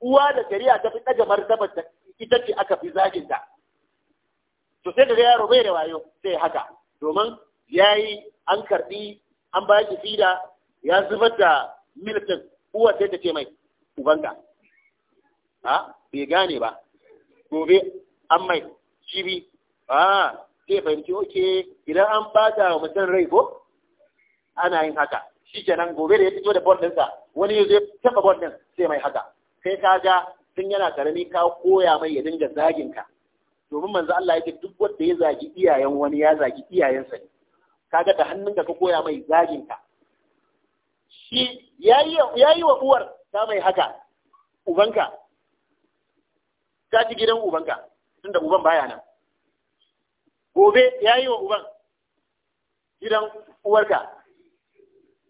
uwa da shari'a ta fi ɗaga martabar ita ce aka fi zaginta to sai da yaro bai da wayo sai haka domin yayi an karbi an ba shi fida ya zubar da milkin uwa sai ta ce mai ubanka ha bai gane ba gobe an mai cibi a zai fahimci oke idan an bata wa mutum rai ko ana yin haka shi kenan gobe da ya fito da ɗinsa wani ya zai taɓa bordin sai mai haka sai ka ga tun yana karami ka koya mai ya dinga zagin ka domin manzo Allah yake duk wanda ya zagi iyayen wani ya zagi iyayensa ne kaga da hannunka ka koya mai zagin ka shi yayi wa uwar ta mai haka ubanka ka ci gidan ubanka tunda uban baya nan gobe yayi wa uban gidan uwarka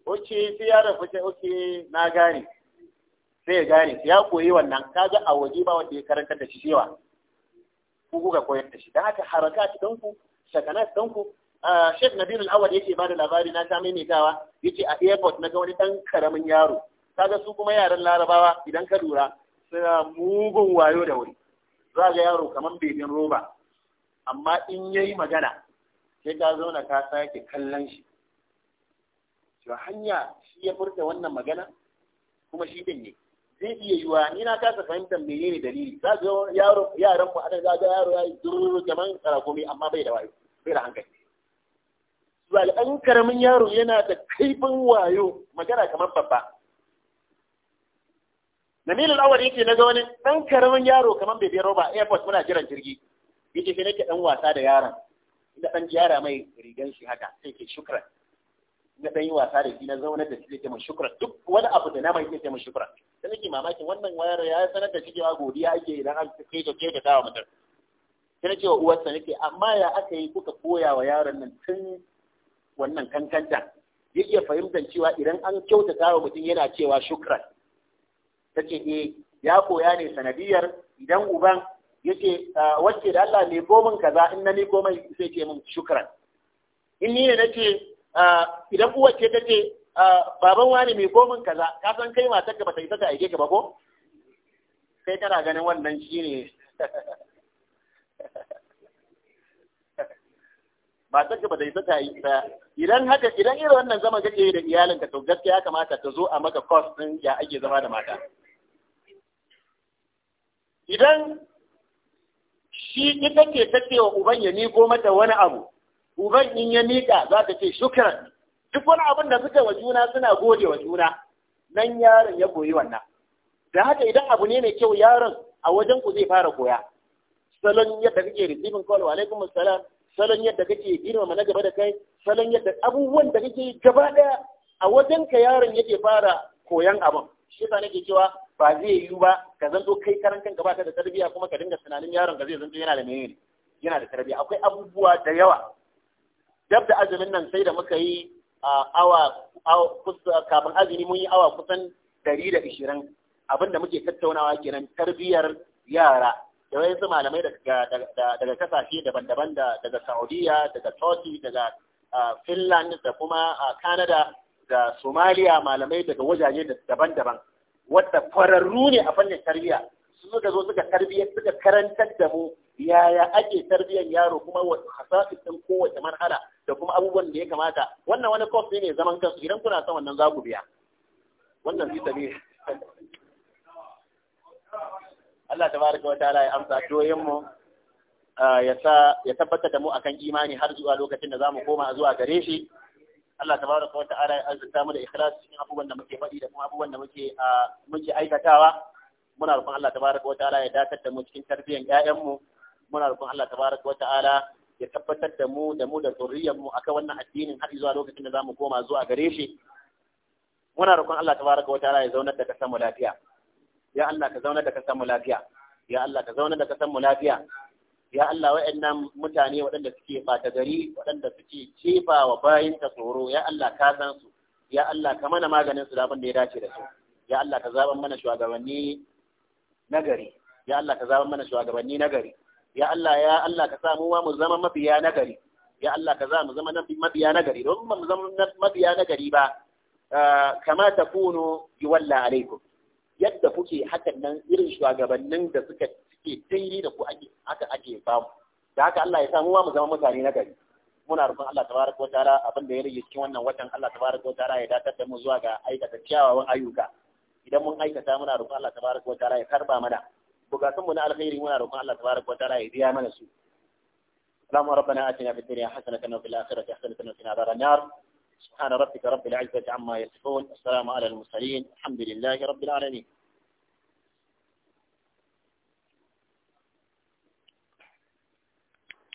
oke sai ya rafu sai oke na gane sai ya gane ya koyi wannan kaga a waje ba wanda ya karanta da shi cewa ku kuka koyar da shi dan haka haraka don ku shakana don ku Sheikh Nabil al awwal yake ba da labari na ta maimaitawa yace a airport na ga wani dan karamin yaro kaga su kuma yaran Larabawa idan ka lura suna mugun wayo da wuri za ga yaro kamar bebin roba amma in yayi magana sai ka zauna ka sake kallon shi to hanya shi ya furta wannan magana kuma shi din ne zai iya yiwa ni na kasa fahimtar menene dalili za ga yaro yaran mu za ga yaro yayi dururu kaman karakomi amma bai da wayo bai da hankali bal an karamin yaro yana da kaifin wayo magana kamar babba na al awar yake na ga wani dan karamin yaro kamar bebe roba airport muna jiran jirgi yake sai nake ɗan wasa da yaron inda ɗan jiyara mai rigan shi haka sai ke shukran na ɗan yi wasa da shi na zaunar da shi zai taimaka shukura duk wani abu da nama yake taimaka shukura sai nake mamakin wannan wayar ya sanar da shi cewa godiya ake idan an kai da kai da dawa mutum sai na cewa uwarsa nake amma ya aka yi kuka koya wa yaron nan tun wannan kankanta ya iya fahimtar cewa idan an kyautata wa mutum yana cewa shukran ta ce e ya koya ne sanadiyar idan uban ya ce ah, wacce da Allah ne komin kaza in na ne komai sai ce min shukran in ni ne na Ah, idan uwar ce ta ce ah, baban wani mai komin kaza ka san kai ma ka bata ta isa ta aike ka ba ko kai kana ganin wannan shine matar ka ba ta isa ta idan haka idan irin wannan zaman kake yi da iyalin ka to gaskiya ya kamata ta zo a maka course din ya ake zama da mata idan shi ita ke tattewa uban ya miko mata wani abu uban in ya miƙa za ta ce shukran duk wani abin da suka wa juna suna gode wa juna nan yaron ya koyi wannan da haka idan abu ne mai kyau yaron a wajen ku zai fara koya salon yadda kake receiving call wa alaikum assalam salon yadda kake girmama na gaba da kai salon yadda abubuwan da kake gaba daya a wajen ka yaron yake fara koyan abin shi yasa nake cewa ba zai yiwu ba ka zanto kai karan kanka ba ta da tarbiyya kuma ka dinga tunanin yaron ka zai zanto yana da menene yana da tarbiyya akwai abubuwa da yawa dab da azumin nan sai da muka yi awa kafin azumi mun yi awa kusan ɗari da ishirin abin da muke tattaunawa kenan tarbiyyar yara da wayansu malamai daga kasashe daban-daban daga saudiya daga turkey daga finland da kuma canada da somalia malamai daga wajaje daban-daban wadda kwararru ne a fannin tarbiyya suka zo suka tarbiyyar suka karantar da mu yaya ake tarbiyyar yaro kuma hasafi ɗin kowace marhala da kuma abubuwan da ya kamata wannan wani kof ne zaman kansu idan kuna son wannan za ku biya wannan fi tabi Allah ta tabaraka wa ta'ala ya amsa doyin mu ya tabbata da mu akan imani har zuwa lokacin da zamu koma zuwa gare shi Allah ta tabaraka wa ta'ala ya azurta mu da ikhlas cikin abubuwan da muke faɗi da kuma abubuwan da muke muke aikatawa muna roƙon Allah tabaraka wataala ya dakatar da mu cikin tarbiyyar ƴaƴan mu muna roƙon Allah tabaraka wataala ya tabbatar da mu da mu da zuriyar mu akan wannan addinin har zuwa lokacin da zamu koma zuwa gare shi muna roƙon Allah tabaraka wataala ya zaunar da kasar mu lafiya ya Allah ka zaunar da kasar mu lafiya ya Allah ka zaunar da kasar mu lafiya ya Allah wa'annan mutane waɗanda suke bata gari waɗanda suke cefa wa bayinka tsoro ya Allah ka san su ya Allah ka mana maganin su da abin da ya dace da su ya Allah ka zaban mana shugabanni nagari ya Allah ka zama mana shugabanni nagari ya Allah ya Allah ka samu mu ma mu zama mabiya nagari ya Allah ka zama mu zama mabiya nagari don mu zama mabiya nagari ba ah, kama bi walla alaikum yadda kuke hakan nan irin shugabannin da suka suke daidai da ku ake haka ake samu da haka Allah ya samu mu zama mutane nagari muna roƙon Allah tabaraka wa ta'ala abin da ya rage cikin wannan watan Allah tabaraka wa ta'ala ya dakatar da mu zuwa ga aikata kyawawan ayyuka idan mun aikata muna roƙon Allah tabaraka wa ta'ala ya karba mana bukatun mu na alkhairi muna roƙon Allah tabaraka wa ta'ala ya biya mana su اللهم ربنا آتنا في الدنيا حسنة وفي الآخرة حسنة وقنا عذاب النار سبحان ربك رب العزة عما يصفون السلام على المرسلين الحمد لله رب العالمين